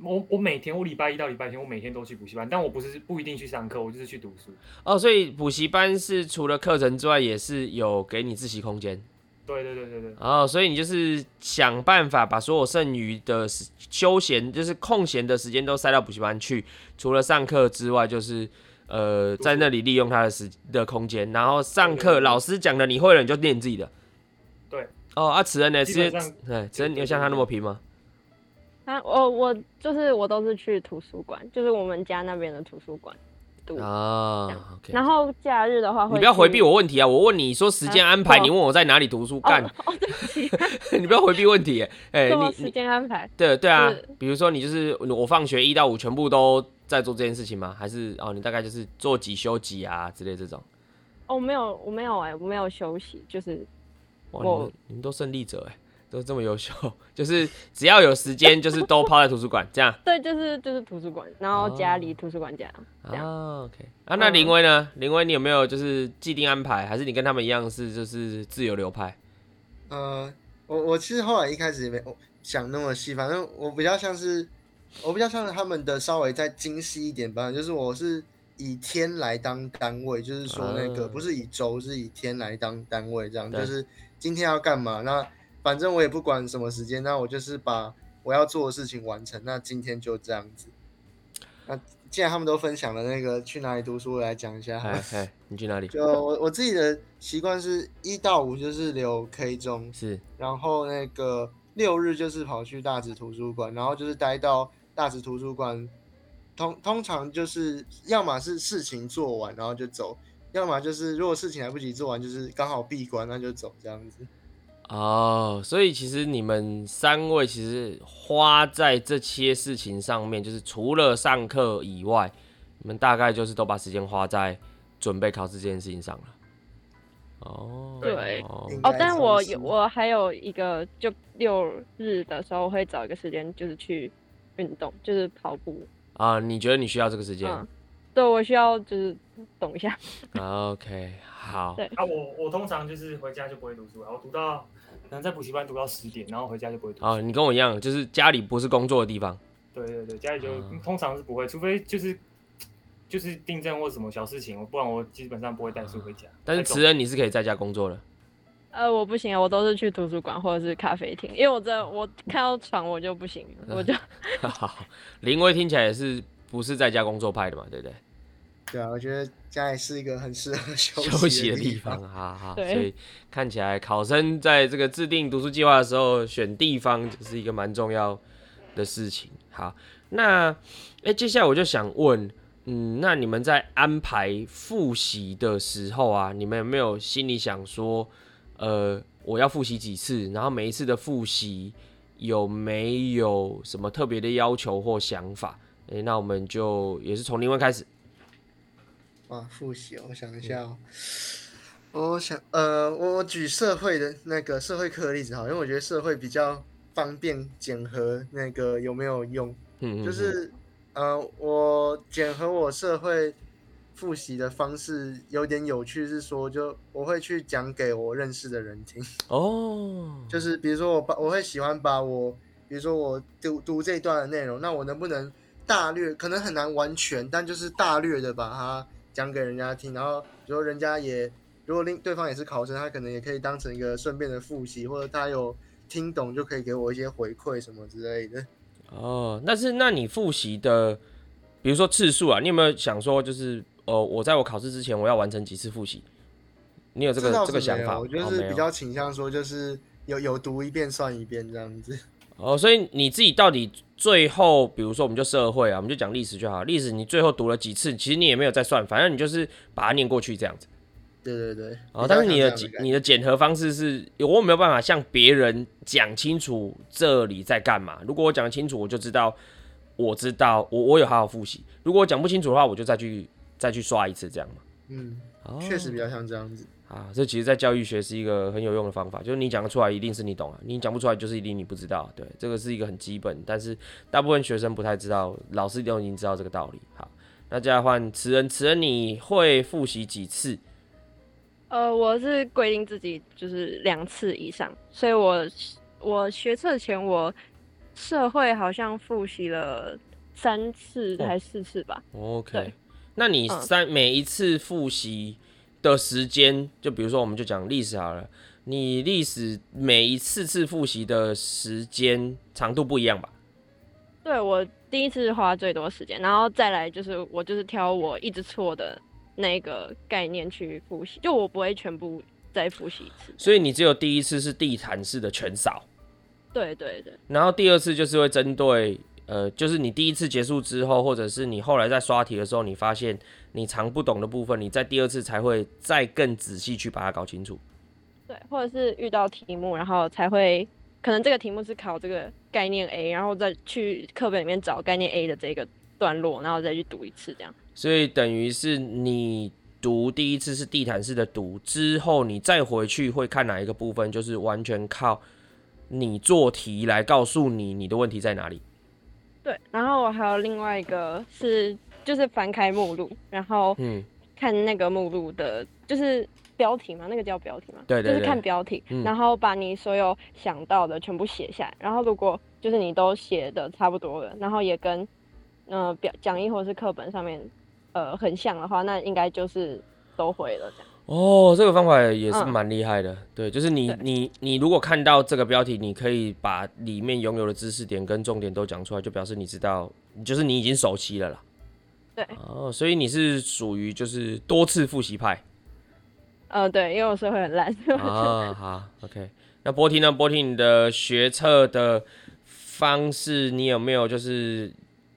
Speaker 4: 我我每天我禮拜一到禮拜天我每天都去補習班，但我不是不一定去上課，我就是去讀書。
Speaker 1: 哦，所以補習班是除了課程之外，也是有給你自習空間。對
Speaker 4: 對對
Speaker 1: 對對。哦，所以你就是想辦法把所有剩餘的時，休閒，就是空閒的時間都塞到補習班去，除了上課之外，就是呃，在那裡利用他的時的空間，然後上課，老師講的你會了，你就念自己的。哦，阿、啊、慈恩呢？是，對，慈恩，你有像他那麼皮嗎？
Speaker 3: 啊，我我就是我都是去圖書館，就是我們家那邊的圖書館啊。然後假日的話，你不要回避
Speaker 1: 我問題啊！我問你說時間安排、啊，你問我在哪裡讀書幹、哦哦？哦，對不起， 你不要回避問題。哎、欸，你時間
Speaker 3: 安排？對對啊、就是，
Speaker 1: 比如說你就是我放學一到五全部都在做這件事情嗎？還是哦，你大概就是做幾休幾啊之類這種？哦，
Speaker 3: 沒有，我沒有哎、欸，我沒有休息，就是。哇，你們
Speaker 1: 你們都勝利者哎，都這麼優秀，就是只要有時間就是都泡在圖書館 這樣。
Speaker 3: 對，就是就是圖書館，然後家
Speaker 2: 裡圖書館這樣。Oh.
Speaker 1: 這樣 oh, OK，oh. 啊，那林威呢？林威你有沒有就是既定安排，還是你跟他們一樣是就是自由流派？
Speaker 2: 呃、uh,，我我其實後來一開始也沒想那麼細，反正我比較像是我比較像是他們的稍微再精細一點吧，就是我是以天來當單位，就是說那個不是以周，uh. 是以天來當單位這樣，就是。今天要幹嘛？那反正我也不管什麼時間，那我就是把我要做的事情完成。那今天就這樣子。那既然他們都分享了那個去哪裡讀書，我來講一下。哈。
Speaker 1: 哎，你去哪裡？就
Speaker 2: 我我自己的習慣是，一到五就是留 K 中是，然後那個六日就是跑去大直圖書館，然後就是待到大直圖書館。通通常就是，要麼是事情做完，然後就走。要麼就是如果事情來不及做完，就是剛好閉關，那就走這樣子。
Speaker 1: 哦、oh,，所以其實你們三位其實花在這些事情上面，就是除了上課以外，你們大概就是都把時間花在準備考試這件事情上了。哦、oh,，對，哦、oh,，oh, 但
Speaker 3: 我有我還有一個，就六日的時候，我會找一個時間就是去運動，就是跑步。
Speaker 1: 啊、oh,，你覺得你需要這個時間、啊？
Speaker 3: 對，我需要就是懂一下。
Speaker 1: OK，好。對啊，我
Speaker 4: 我通常就是回家就不會讀書，我讀到，可能在補習班讀到十點，然後回家就不
Speaker 1: 會讀書。啊、哦，你跟我一樣，就是家裡不是工作的地方。對對
Speaker 4: 對，家裡就、嗯、通常是不會，除非就是就是訂正或什麼小事情，不然我基本上不會帶書回家。
Speaker 3: 但是
Speaker 1: 慈恩你是可以在家工作的。
Speaker 3: 呃，我不行，我都是去圖書館或者是咖啡廳，因為我這我看到床我就不行、嗯，我
Speaker 1: 就。 林威聽起來也是不是在家工作派的嘛？對不對，對？
Speaker 2: 對啊，我覺得家裡是一個很適合休息的地方，地方哈哈，對。所以
Speaker 1: 看起來考生在這個制定讀書計劃的時候，選地方是一個蠻重要的事情。好，那哎，接下來我就想問，嗯，那你們在安排複習的時候啊，你們有沒有心裡想說，呃，我要複習幾次？然後每一次的複習有沒有什麼特別的要求或想法？哎，那我們就也是從林威開始。
Speaker 2: 啊，複習、哦，我想一下哦、嗯，我想，呃，我我舉社會的那個社會科的例子好，因為我覺得社會比較方便檢核那個有沒有用，嗯，嗯，嗯，就是，呃，我檢核我社會複習的方式有點有趣，是說，就我會去講給我認識的人聽，
Speaker 1: 哦，
Speaker 2: 就是比如說我把我會喜歡把我，比如說我讀讀這一段的內容，那我能不能大略，可能很難完全，但就是大略的把它。講給人家聽，然後比如人家也如果另對方也是考生，他可能也可以當成一個順便的複習，或者他有聽懂就可以給我一些回饋什麼之類的。
Speaker 1: 哦，那是那你複習的，比如說次數啊，你有沒有想說就是呃，我在我考試之前我要完成幾次複習？你有這個有這個想法？我就是比較
Speaker 2: 傾向說就是有有讀一遍算一遍這樣子。
Speaker 1: 哦，所以你自己到底最後，比如說我們就社會啊，我們就講歷史就好。歷史你最後讀了幾次？其實你也沒有再算，反正你就是把它念過去這樣子。對
Speaker 2: 對對。哦，但是你的
Speaker 1: 你的檢核方式是，我沒有辦法向別人講清楚這裡在幹嘛。如果我講清楚，我就知道，我知道，我我有好好復習。如果我講不清楚的話，我就再去再去刷一次這樣嘛。嗯，
Speaker 2: 哦，確實比較像這樣子。啊，這
Speaker 1: 其實在教育學是一個很有用的方法，就是你講得出來，一定是你懂啊；你講不出來，就是一定你不知道。對，這個是一個很基本，但是大部分學生不太知道，老師都已經知道這個道理。好，那接下來換慈恩，慈恩你會複習幾次？
Speaker 3: 呃，我是規定自己就是兩次以上，所以我我學測前我社會好像複習了三次還是四次吧。嗯、
Speaker 1: OK，那你三、嗯、每一次複習。的時間，就比如說，我們就講歷史好了。你歷史每一次次復習的時間長度不一樣吧？
Speaker 3: 對，我第一次花最多時間，然後再來就是我就是挑我一直錯的那個概念去復習，就我不會全部再復習一次。
Speaker 1: 所以你只有第一次是地毯式的全掃。
Speaker 3: 對對對。
Speaker 1: 然後第二次就是會針對，呃，就是你第一次結束之後，或者是你後來在刷題的時候，你發現。你常不懂的部分，你在第二次才會再更仔細去把它搞清楚，
Speaker 3: 對，或者是遇到題目，然後才會可能這個題目是考這個概念 A，然後再去課本裡面找概念 A 的這個段落，然後再去讀一次，這樣。
Speaker 1: 所以等於是你讀第一次是地毯式的讀之後，你再回去會看哪一個部分，就是完全靠你做題來告訴你你的問題在哪裡。
Speaker 3: 對，然後我還有另外一個是。就是翻開目錄，然後看那個目錄的、嗯，就是標題嘛，那個叫標題嘛，對，對，對，就是看標題、嗯，然後把你所有想到的全部寫下來，然後如果就是你都寫的差不多了，然後也跟呃表講義或是課本上面呃很像的話，那應該就是都會了
Speaker 1: 這樣。哦，這個方法也是蠻厲害的對，嗯，對，就是你你你如果看到這個標題，你可以把裡面擁有的知識點跟重點都講出來，就表示你知道，就是你已經熟悉了啦。對哦，所以你是屬於就是多次複習派，
Speaker 3: 哦，對，因為我社會很爛啊。
Speaker 1: 好，OK 那。那柏廷呢？柏廷，你的學測的方式，你有沒有就是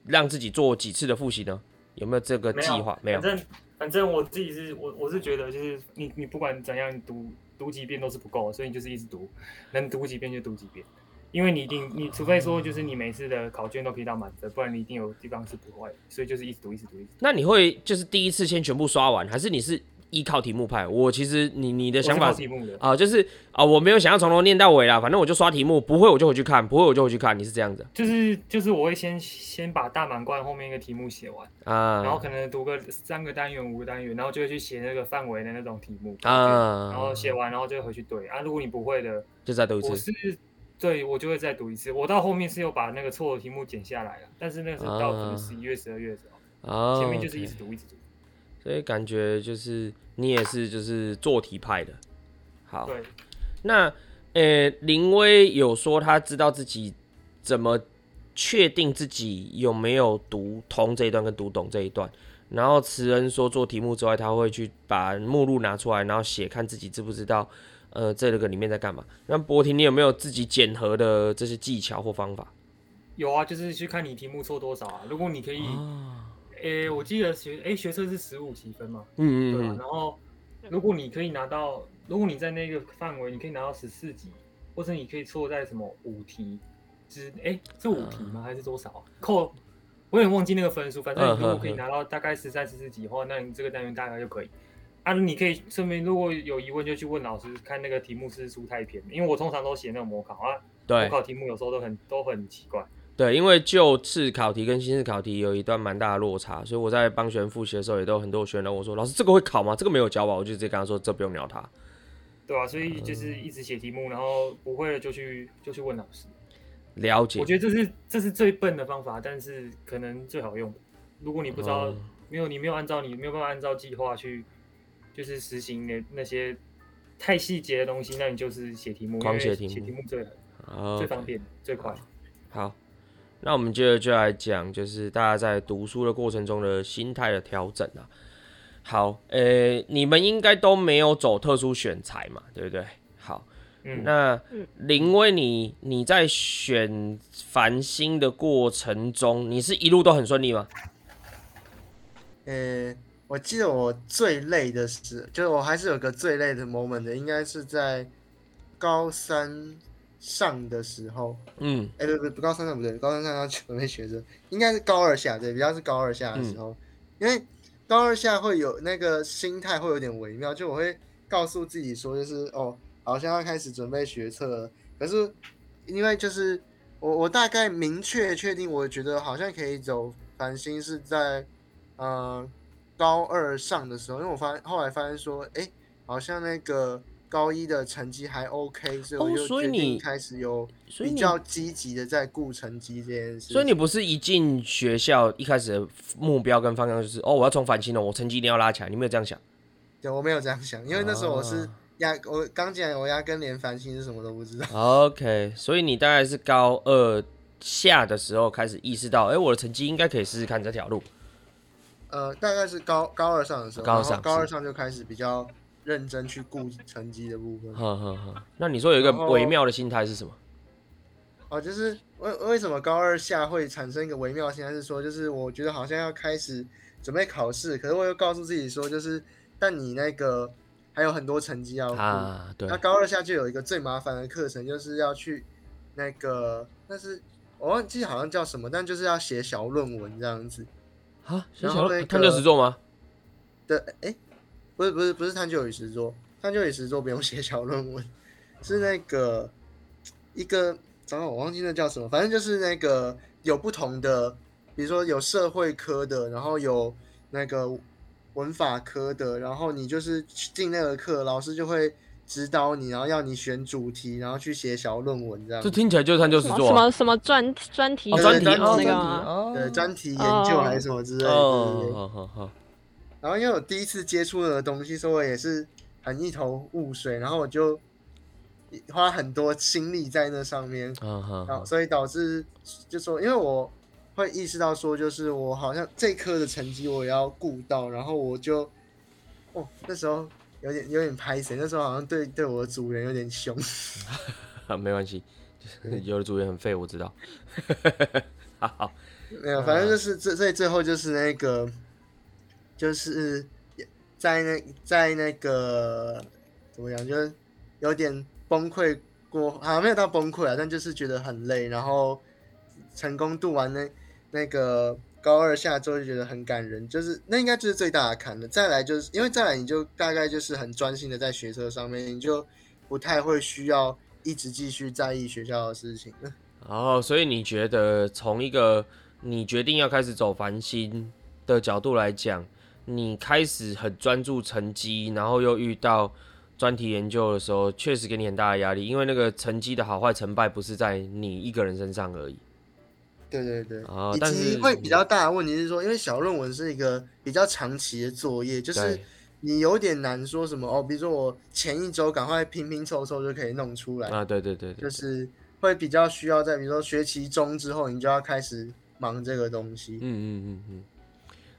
Speaker 1: 讓自己做幾次的複習呢？有沒有這個計劃？沒有。沒有，反
Speaker 4: 正反正我自己是我我是覺得就是你你不管怎樣讀讀幾遍都是不夠，所以你就是一直讀，能讀幾遍就讀幾遍。 因為你一定，你除非說就是你每次的考卷都可以到滿分，不然你一定有地方是不會，所以就是一直讀，一直讀，一
Speaker 1: 直讀。那你會就是第一次先全部刷完，還是你是依靠題目派？我其實你你的想法是啊、哦，就是啊、哦，我沒有想要從頭念到尾啦，反正我就刷題目，不會我就回去看，不會我就回去看，你是這樣子？就
Speaker 4: 是就是我會先先把大滿貫後面一個題目寫完啊，然後可能讀個三個單元、五個單元，然後就會去寫那個範圍的那種題目
Speaker 1: 啊，然後寫
Speaker 4: 完然後就會回去對啊。如果你不會的，就再讀一次。對，我就會再讀一次。我到後面是有把那個錯的題目剪下來了，但是那個時候
Speaker 1: 到十一月、十二月的時候，前面就是一直讀、哦 okay. 一直讀。所以感覺就是你也是就是做題派的。好，對。那誒、欸、林威有說他知道自己怎麼確定自己有沒有讀通這一段跟讀懂這一段。然後慈恩說做題目之外，他會去把目錄拿出來，然後寫看自己知不知道。呃，在、這個裡面在幹嘛？那柏廷，你有沒有自己檢核的這些技巧或方法？
Speaker 4: 有啊，就是去看你題目錯多少啊。如果你可以，誒、哦欸，我記得學誒、欸、學測是十五級分嘛？嗯嗯。對、啊、然後如果你可以拿到，如果你在那個範圍，你可以拿到十四級，或者你可以錯在什麼五題，只、就、誒是五、欸、題嗎、嗯？還是多少、啊、扣？我有點忘記那個分數。反正如果可以拿到大概十三、十四級的話，那你這個單元大概就可以。啊，你可以順便，如果有疑問就去問老師，看那個題目是出太偏，因為我通常都寫那種模考啊，對，模考題目有時候都很都很奇怪，
Speaker 1: 對，因為舊次考題跟新次考題有一段蠻大的落差，所以我在幫學員複習的時候，也都有很多學員。我說：“老師，這個會考嗎？這個沒有教吧？”我就直接跟他說：“這不用鳥他。”
Speaker 4: 對啊，所以就是一直寫題目，嗯，然後不會了就去就去問老師。了解，我覺得這是這是最笨的方法，但是可能最好用。如果你不知道，哦，沒有你沒有按照你沒有辦法按照計劃去。就是實行的那些太細節的東西，那你就是寫題，光寫題目，因為寫題目最了、哦，最方便最
Speaker 1: 快。好，那我們接着就來講，就是大家在讀書的過程中的心態的調整啊。好，呃、欸，你們應該都沒有走特殊選材嘛，對不對？好，嗯、那林威，你你在選繁星的過程中，你是一路都很順利嗎？嗯、
Speaker 2: 欸。我記得我最累的時，就是我還是有個最累的 moment 的，應該是在高三上的時候。嗯，哎、欸，不不，不，不高三上不對，高三上要準備學測，應該是高二下，對，比較是高二下的時候，嗯、因為高二下會有那個心態會有點微妙，就我會告訴自己說，就是哦，好像要開始準備學測了。可是因為就是我我大概明確確定，我覺得好像可以走繁星是在嗯。呃高二上的時候，因為我發現後來發現說，哎、欸，好像那個高一的成績還 OK，所以我就決定開始有比較積極的在顧成績這件事，哦所所。所以你不
Speaker 1: 是一進學校一開始的目標跟方向就是，哦，我要從繁星了，我成績一定要拉起來。你沒有這樣想？
Speaker 2: 對，我沒有這樣想，因為那時候我是壓我剛進來，我壓根連繁星是什麼都不知
Speaker 1: 道。OK，所以你大概是高二下的時候開始意識到，哎、欸，我的成績應該可以試試看這條路。
Speaker 2: 呃，大概是高高二上的時候，高，高二上就開始比較認真去顧成績的部分。好好好，那你說有一個微
Speaker 1: 妙的心態是什麼？
Speaker 2: 哦、啊，就是為為什麼高二下會產生一個微妙的心態，是說就是我覺得好像要開始準備考試，可是我又告訴自己說，就是但你那個還有很多成績要顧、啊。對。那高二下就有一個最麻煩的課程，就是要去那個，但是我忘記好像叫什麼，但就是要寫小論文這樣子。
Speaker 1: 然後這個、啊，寫小論
Speaker 2: 文探究實作嗎？對，哎，不是不是不是探究與實作，探究與實作不用寫小論文，是那個、嗯、一個，等我忘記那叫什麼，反正就是那個有不同的，比如說有社會科的，然後有那個文法科的，然後你就是進那個課，老師就會。指導你，然後要你選主題，然後去寫小論文，這樣。這聽起來就像就是做什麼
Speaker 3: 什麼專專題、專題、哦、專題、哦、專題哦、對專題研究還、哦、是什麼之類的、哦
Speaker 2: 哦。然後因為我第一次接觸的東西，所以我也是很一頭霧水。然後我就花很多心力在那上面，哦哦、然後所以導致就是說，因為我會意識到說，就是我好像這一科的成績我要顧到，然後我就哦那時候。有點有點抱歉。那時候好像對對我的主人有點兇。
Speaker 1: 沒關係，有的主人很廢，我知道。好好，
Speaker 2: 沒有，反正就是最最最後就是那個，就是在那在那個怎麼講，就是有點崩潰過，好像沒有到崩潰啊，但就是覺得很累，然後成功度完那那個。高二下週就覺得很感人，就是那應該就是最大的坎了。再來就是，因為再來你就大概就是很專心的在學車上面，你就不太會需要一直繼續在意學校的事情了
Speaker 1: 然後。哦，所以你覺得從一個你決定要開始走繁星的角度來講，你開始很專注成績，然後又遇到專題研究的時候，確實給你很大的壓力，因為那個成績的好壞成敗不是在你一個人身上而已。對對對，但、哦、是會比
Speaker 2: 較大的問題是說是，因為小論文是一個比較長期的作業，就是你有點難說什麼哦，比如說我前一周趕快拼拼湊湊就可以弄出來啊，對，對對對，就是會比較需要在比如說學期中之後，你就要開始忙這個東西。嗯嗯嗯
Speaker 1: 嗯，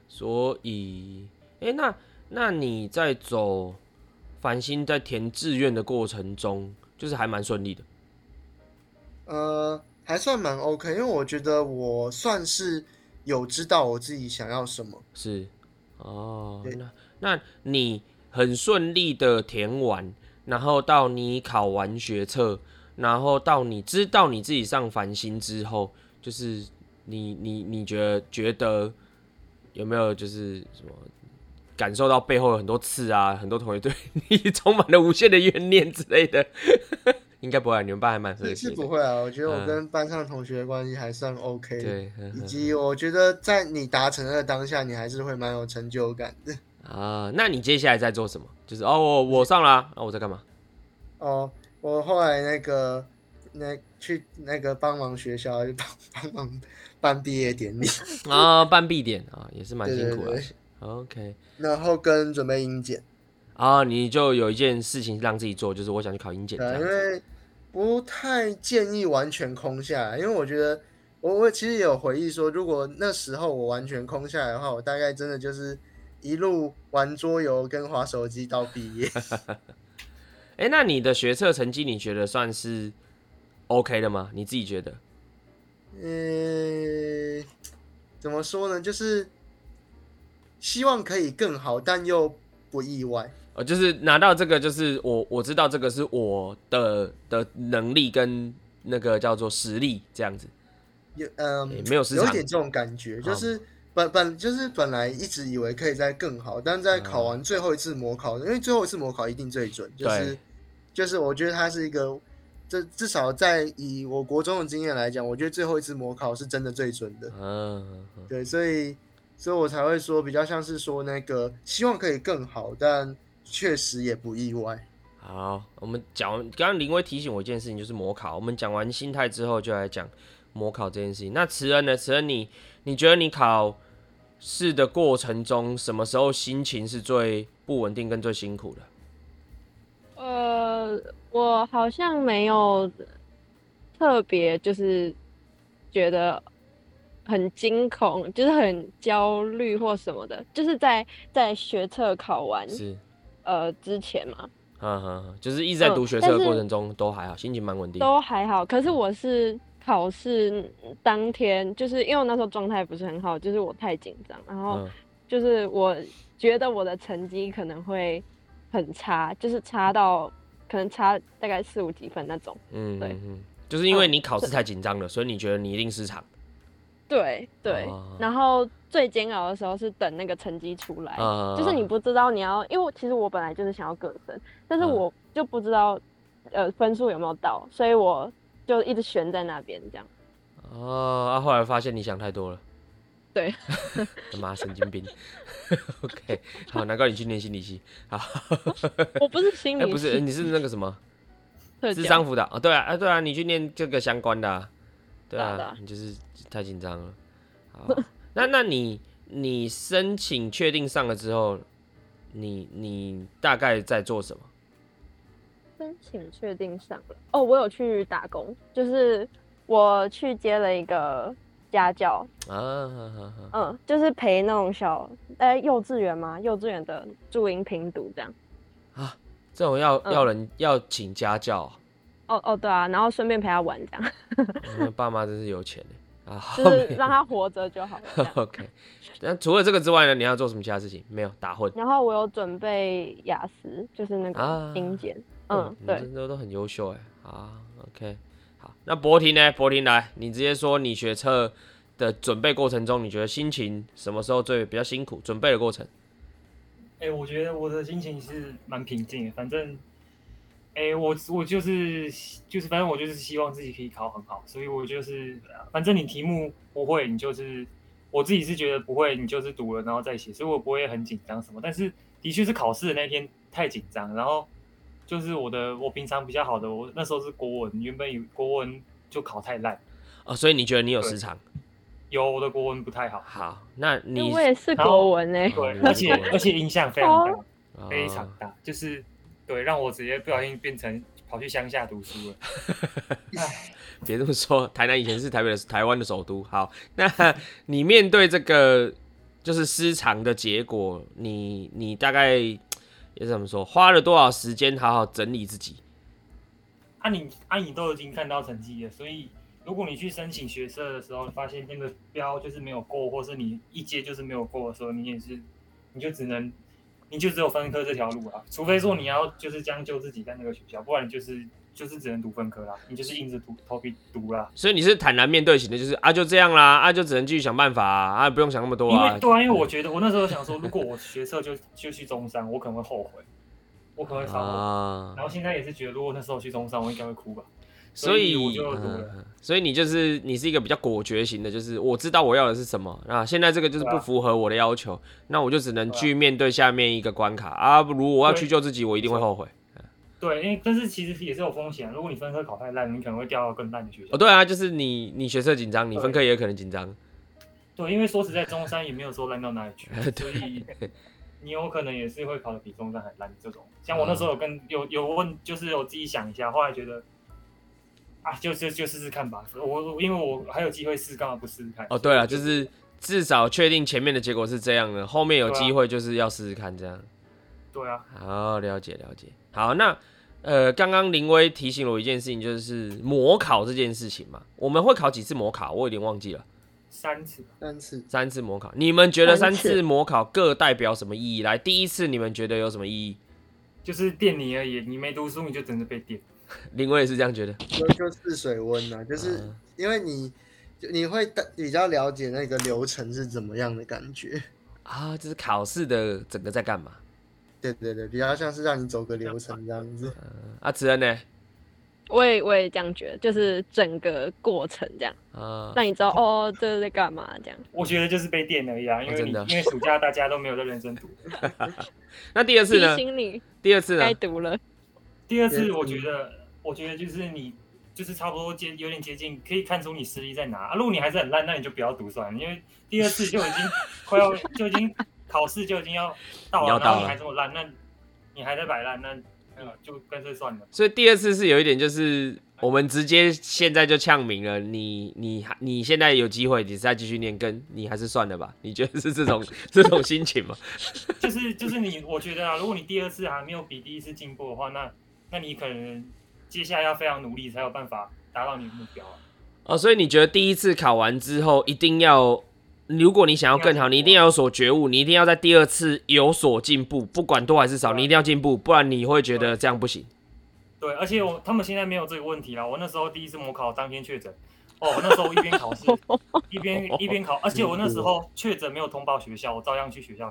Speaker 1: 所以哎，那那你在走繁星在填志願的過程中，就是還蠻順利的。
Speaker 2: 呃。還算蠻 OK，因為我覺得我算是有知道我自己想要什麼。
Speaker 1: 是哦，那那你很順利的填完，然後到你考完學測，然後到你知道你自己上繁星之後，就是你你你覺得覺得有沒有就是什麼感受到背後有很多刺啊，很多同學對你充滿了無限的怨念之類的。應該不會、啊，你們班還蠻和的。也是不會啊，我覺得我跟
Speaker 2: 班上的同學的關係還算 OK、嗯。對呵呵，以及我覺得在你達成的當下，你還是會蠻有成就感的。
Speaker 1: 啊、呃，那你接下來在做什麼？就是哦，我我上了、啊，那、哦、我在幹嘛？哦、
Speaker 2: 呃，我後來那個那去那個幫忙學校，就幫幫忙辦畢業典禮
Speaker 1: 啊，辦、嗯、畢、 呃、典啊、呃，也是蠻辛苦的對對
Speaker 2: 對。OK，然後跟準備英檢。
Speaker 1: 啊、呃，你就有一件事情讓自己做，就是我想去考英檢，對、呃，因為
Speaker 2: 不太建議完全空下來，因為我覺得我我其實也有回憶說，如果那時候我完全空下來的話，我大概真的就是一路玩桌遊跟滑手機到畢
Speaker 1: 業。哎、 欸，那你的學測成績，你覺得算是 OK 的嗎？你自己覺得？嗯、
Speaker 2: 欸，怎麼說呢？就是希望可以更好，但又不意外。
Speaker 1: 呃，就是拿到這個，就是我我知道這個是我的的能力跟那個叫做實力這樣子，
Speaker 2: 有嗯、呃欸，沒有有點這種感覺，就是本、哦、本就是本來一直以為可以再更好，但在考完最後一次模考、嗯，因為最後一次模考一定最準，就是就是我覺得它是一個，這至少在以我國中的經驗來講，我覺得最後一次模考是真的最準的，嗯，對，所以所以我才會說比較像是說那個希望可以更好，但。確實也不
Speaker 1: 意外。好，我們講，剛剛林威提醒我一件事情，就是模考。我們講完心態之後，就來講模考這件事情。那慈恩呢？慈恩你，你你覺得你考試的過程中，什麼時候心情是最不穩定跟最辛苦的？
Speaker 3: 呃，我好像沒有特別，就是覺得很驚恐，就是很焦慮或什麼的，就是在在學測考完是。呃，之前嘛、
Speaker 1: 嗯嗯，就是一直在讀學測的過程中都還好、嗯，心情蠻穩定。都
Speaker 3: 還好，可是我是考試當天，就是因為我那時候狀態不是很好，就是我太緊張，然後就是我覺得我的成績可能會很差，就是差到可能差大概四五幾分那種。嗯，
Speaker 1: 對、嗯嗯，就是因為你考試太緊張了，嗯、所以你覺得你一定失常。
Speaker 3: 對對，對 oh. 然後最煎熬的時候是等那個成績出來，oh. 就是你不知道你要，因為其實我本來就是想要個升，但是我就不知道，oh. 呃，分數有沒有到，所以我就一直懸在那邊這樣。哦、
Speaker 1: oh，啊，後來發現你想太多了。對，他 媽、啊、神經病。 OK，好，難怪你去念心理系。好， 我不是心理、欸、不是，你是，是那個什麼？諮商輔導啊，哦？對啊，哎對啊，你去念這個相關的、啊。對啊，你就是太緊張了。好啊， 那那你你申請確定上了之後，你你大概在做什麼？
Speaker 3: 申請確定上了哦，我有去打工，就是我去接了一個家教
Speaker 1: 啊，啊，啊，
Speaker 3: 嗯，就是陪那種小哎、呃、幼稚園嗎？幼稚園的注音拼讀這樣
Speaker 1: 啊，這種要、嗯、要人要請家教啊。
Speaker 3: 哦、oh, 哦、oh, 對啊，然後順便陪他玩這樣。
Speaker 1: 爸媽真是有錢，就是讓他
Speaker 3: 活着就好。
Speaker 1: OK，那除了這個之外呢，你要做什麼其他事情？沒有打混。
Speaker 3: 然後我有準備雅思，就是那個精簡、啊。
Speaker 1: 嗯，喔、對，都都很優秀哎。啊，OK，好，那柏廷呢？柏廷來，你直接說你學測的準備過程中，你覺得心情什麼時候最比較辛苦？準備的過程。哎、欸，
Speaker 4: 我覺得我的心情是蠻平靜的，反正。哎、欸，我我就是就是，反正我就是希望自己可以考很好，所以我就是，反正你題目不會，你就是我自己是覺得不會，你就是讀了然後再寫，所以我不會很緊張什麼。但是的確是考試的那天太緊張，然後就是我的我平常比較好的我那時候是國文，原本國文就考太爛
Speaker 1: 哦，所以你覺得你有失常？
Speaker 4: 有，我的國文不太好。好，
Speaker 1: 那你我也是國文
Speaker 3: 哎、欸，對、哦，而且而且影響非常
Speaker 4: 大、哦、非常大，就是。對，讓我直接不小心變成跑去鄉下讀書了。
Speaker 1: 別 這麼說，台南以前是台北的，台灣的首都。好，那你面對這個就是失常的結果，你你大概也是怎麼說？花了多少時間好好整理自己？
Speaker 4: 啊你啊你都已經看到成績了，所以如果你去申請學社的時候，發現那個標就是沒有過，或是你一階就是沒有過的時候，你也是，你就只能。你就只有分科這條路啊，除非說你要就是將就自己在那個學校，不然就是就是只能讀分科啦。你就是硬着頭皮讀啦。
Speaker 1: 所以你是坦然面對型的，就是啊就這樣啦，啊就只能繼續想辦法啊，啊不用想那麼多啊。因為對啊，因為
Speaker 4: 我覺得我那時候想說， 如果我學測就就去中山，我可能會後悔，我可能會騷、啊。然後現在也是覺得，如果那時候去中山，我應該會哭吧。
Speaker 1: 所以，所以、嗯，所以你就是你是一個比較果決型的，就是我知道我要的是什麼。那、啊、現在這個就是不符合我的要求，啊、那我就只能去面對下面一個關卡啊。不、啊、如果我要去救自己，我一定會後悔、嗯。
Speaker 4: 對，因為但是其實也是有風險、啊，如果你分科考太爛，你可能會掉到更爛
Speaker 1: 的學校。哦，對啊，就是你你學測緊張，你分科也有可能緊張。
Speaker 4: 對，因為說實在，中山也沒有說爛到哪裡去，
Speaker 1: 對，
Speaker 4: 你有可能也是會考的比中山還爛。這種像我那時候有跟、嗯、有有問，就是我自己想一下，後來覺得。啊，就就就試試看吧。我因為我還有機會試，幹嘛
Speaker 1: 不試試看？哦，對了，就是至少確定前面的結果是這樣的，後面有機會就是要試試看這樣。對啊。對啊。好，了解了解。好，那呃，剛剛林威提醒了我一件事情，就是模考這件事情嘛，我們會考幾次模考？我有點忘記了。
Speaker 4: 三次，三次，
Speaker 1: 三次模考。你們覺得三次模考各代表什麼意義？來，第一次你們覺得有什麼意義？
Speaker 4: 就是電你而已。你沒讀書，你就等着被電。
Speaker 1: 林威也是這樣覺得，
Speaker 2: 就就試水溫吶、啊，就是因為你，就你會比較了解那個流程是怎麼樣的感覺啊，就
Speaker 1: 是考試的整個在幹嘛。對對對，比較像是讓你走個流程這樣子。阿、啊、慈恩呢？
Speaker 3: 我也我也這樣覺得，就是整個過程這樣，那、啊、你知道哦，這是在幹嘛這樣。 我覺
Speaker 4: 得就是被電了一樣，因為、哦、真的 因為暑假大家都沒有
Speaker 3: 在認真讀。 那第二次呢？第、第二次呢？該讀了。
Speaker 4: 第二次我覺得。我覺得就是你，就是差不多接有點接近，可以看出你實力在哪兒、啊。如果你還是很爛，那你就不要讀算了，因為第二次就已經快要 就已經考試就已經要到了，你要到了然後你還這麼爛，那你還在擺爛，那、呃、就乾脆算了。
Speaker 1: 所以第二次是有一點，就是我們直接現在就嗆名了。你你你現在有機會，你再繼續念根，跟你還是算了吧？你覺得是這種 這種心情嗎？
Speaker 4: 就是就是你，我覺得啊，如果你第二次還沒有比第一次進步的話，那那你可能。接下來要非常努力，才有辦法達到你的
Speaker 1: 目標啊。哦，所以你覺得第一次考完之後，一定要，如果你想要更好，你一定要有所覺悟，你一定要在第二次有所進步，不管多還是少，你一定要進步，不然你會覺得這樣不行。對，
Speaker 4: 對，而且我他們現在沒有這個問題了。我那時候第一次模考當天確診。哦，我那時候一邊考試 一邊一邊考，而且我那時候確診沒有通報學校，我照樣去學校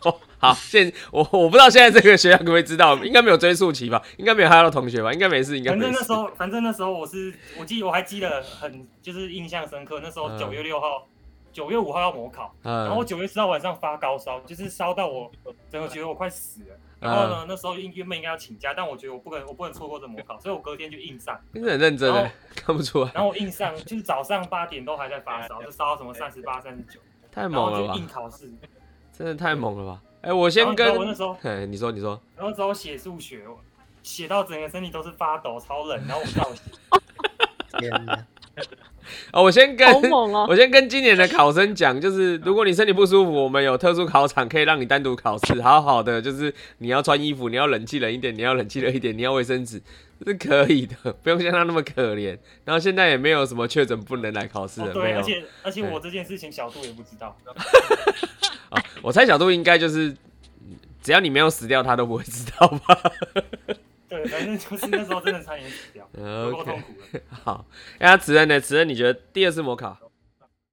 Speaker 1: 考。 oh, 好，現我我不知道現在這個學校可不可以知道，應該沒有追溯期吧，應該沒有害到同學吧，應該沒事，應該。反正那時
Speaker 4: 候，反正那時候我是，我記我還記得很，就是印象深刻。那時候九月六號，九 月五號要模考，然後九月十號晚上發高燒，就是燒到我，真的覺得我快死了。然後呢、嗯、那時候原本應該要請假，但我覺得我不可能，我不能錯過這模考，所以我隔天就硬上，
Speaker 1: 真的很認真、欸，看不出來。然後我
Speaker 4: 硬上，就是早上八點都還在發燒，燒到什麼三十八、三十九，
Speaker 1: 太猛了吧？就硬考試，真的太猛了吧？哎、欸，我先跟我那時候，哎、欸，你說你說。然
Speaker 4: 後之後我寫數學，寫到整個身體都是發抖，超冷。然後我倒寫。 天哪
Speaker 1: 哦，我先跟、啊、我先跟今年的考生講，就是如果你身體不舒服，我們有特殊考場可以讓你單獨考試。好好的，就是你要穿衣服，你要冷氣冷一點，你要冷氣冷一點，你要衛生紙是可以的，不用像他那麼可憐。然後現在也沒有什麼確診不能來考試的。哦，對，而且而且我
Speaker 4: 這件事情小度也不知道。
Speaker 1: 哦、我猜小度應該就是只要你沒有死掉，他都不會知道吧。 對，反正就是那時候真的差點死掉，夠 痛苦了，okay. 好，那慈恩呢？慈恩，你覺得第二次模考？嗯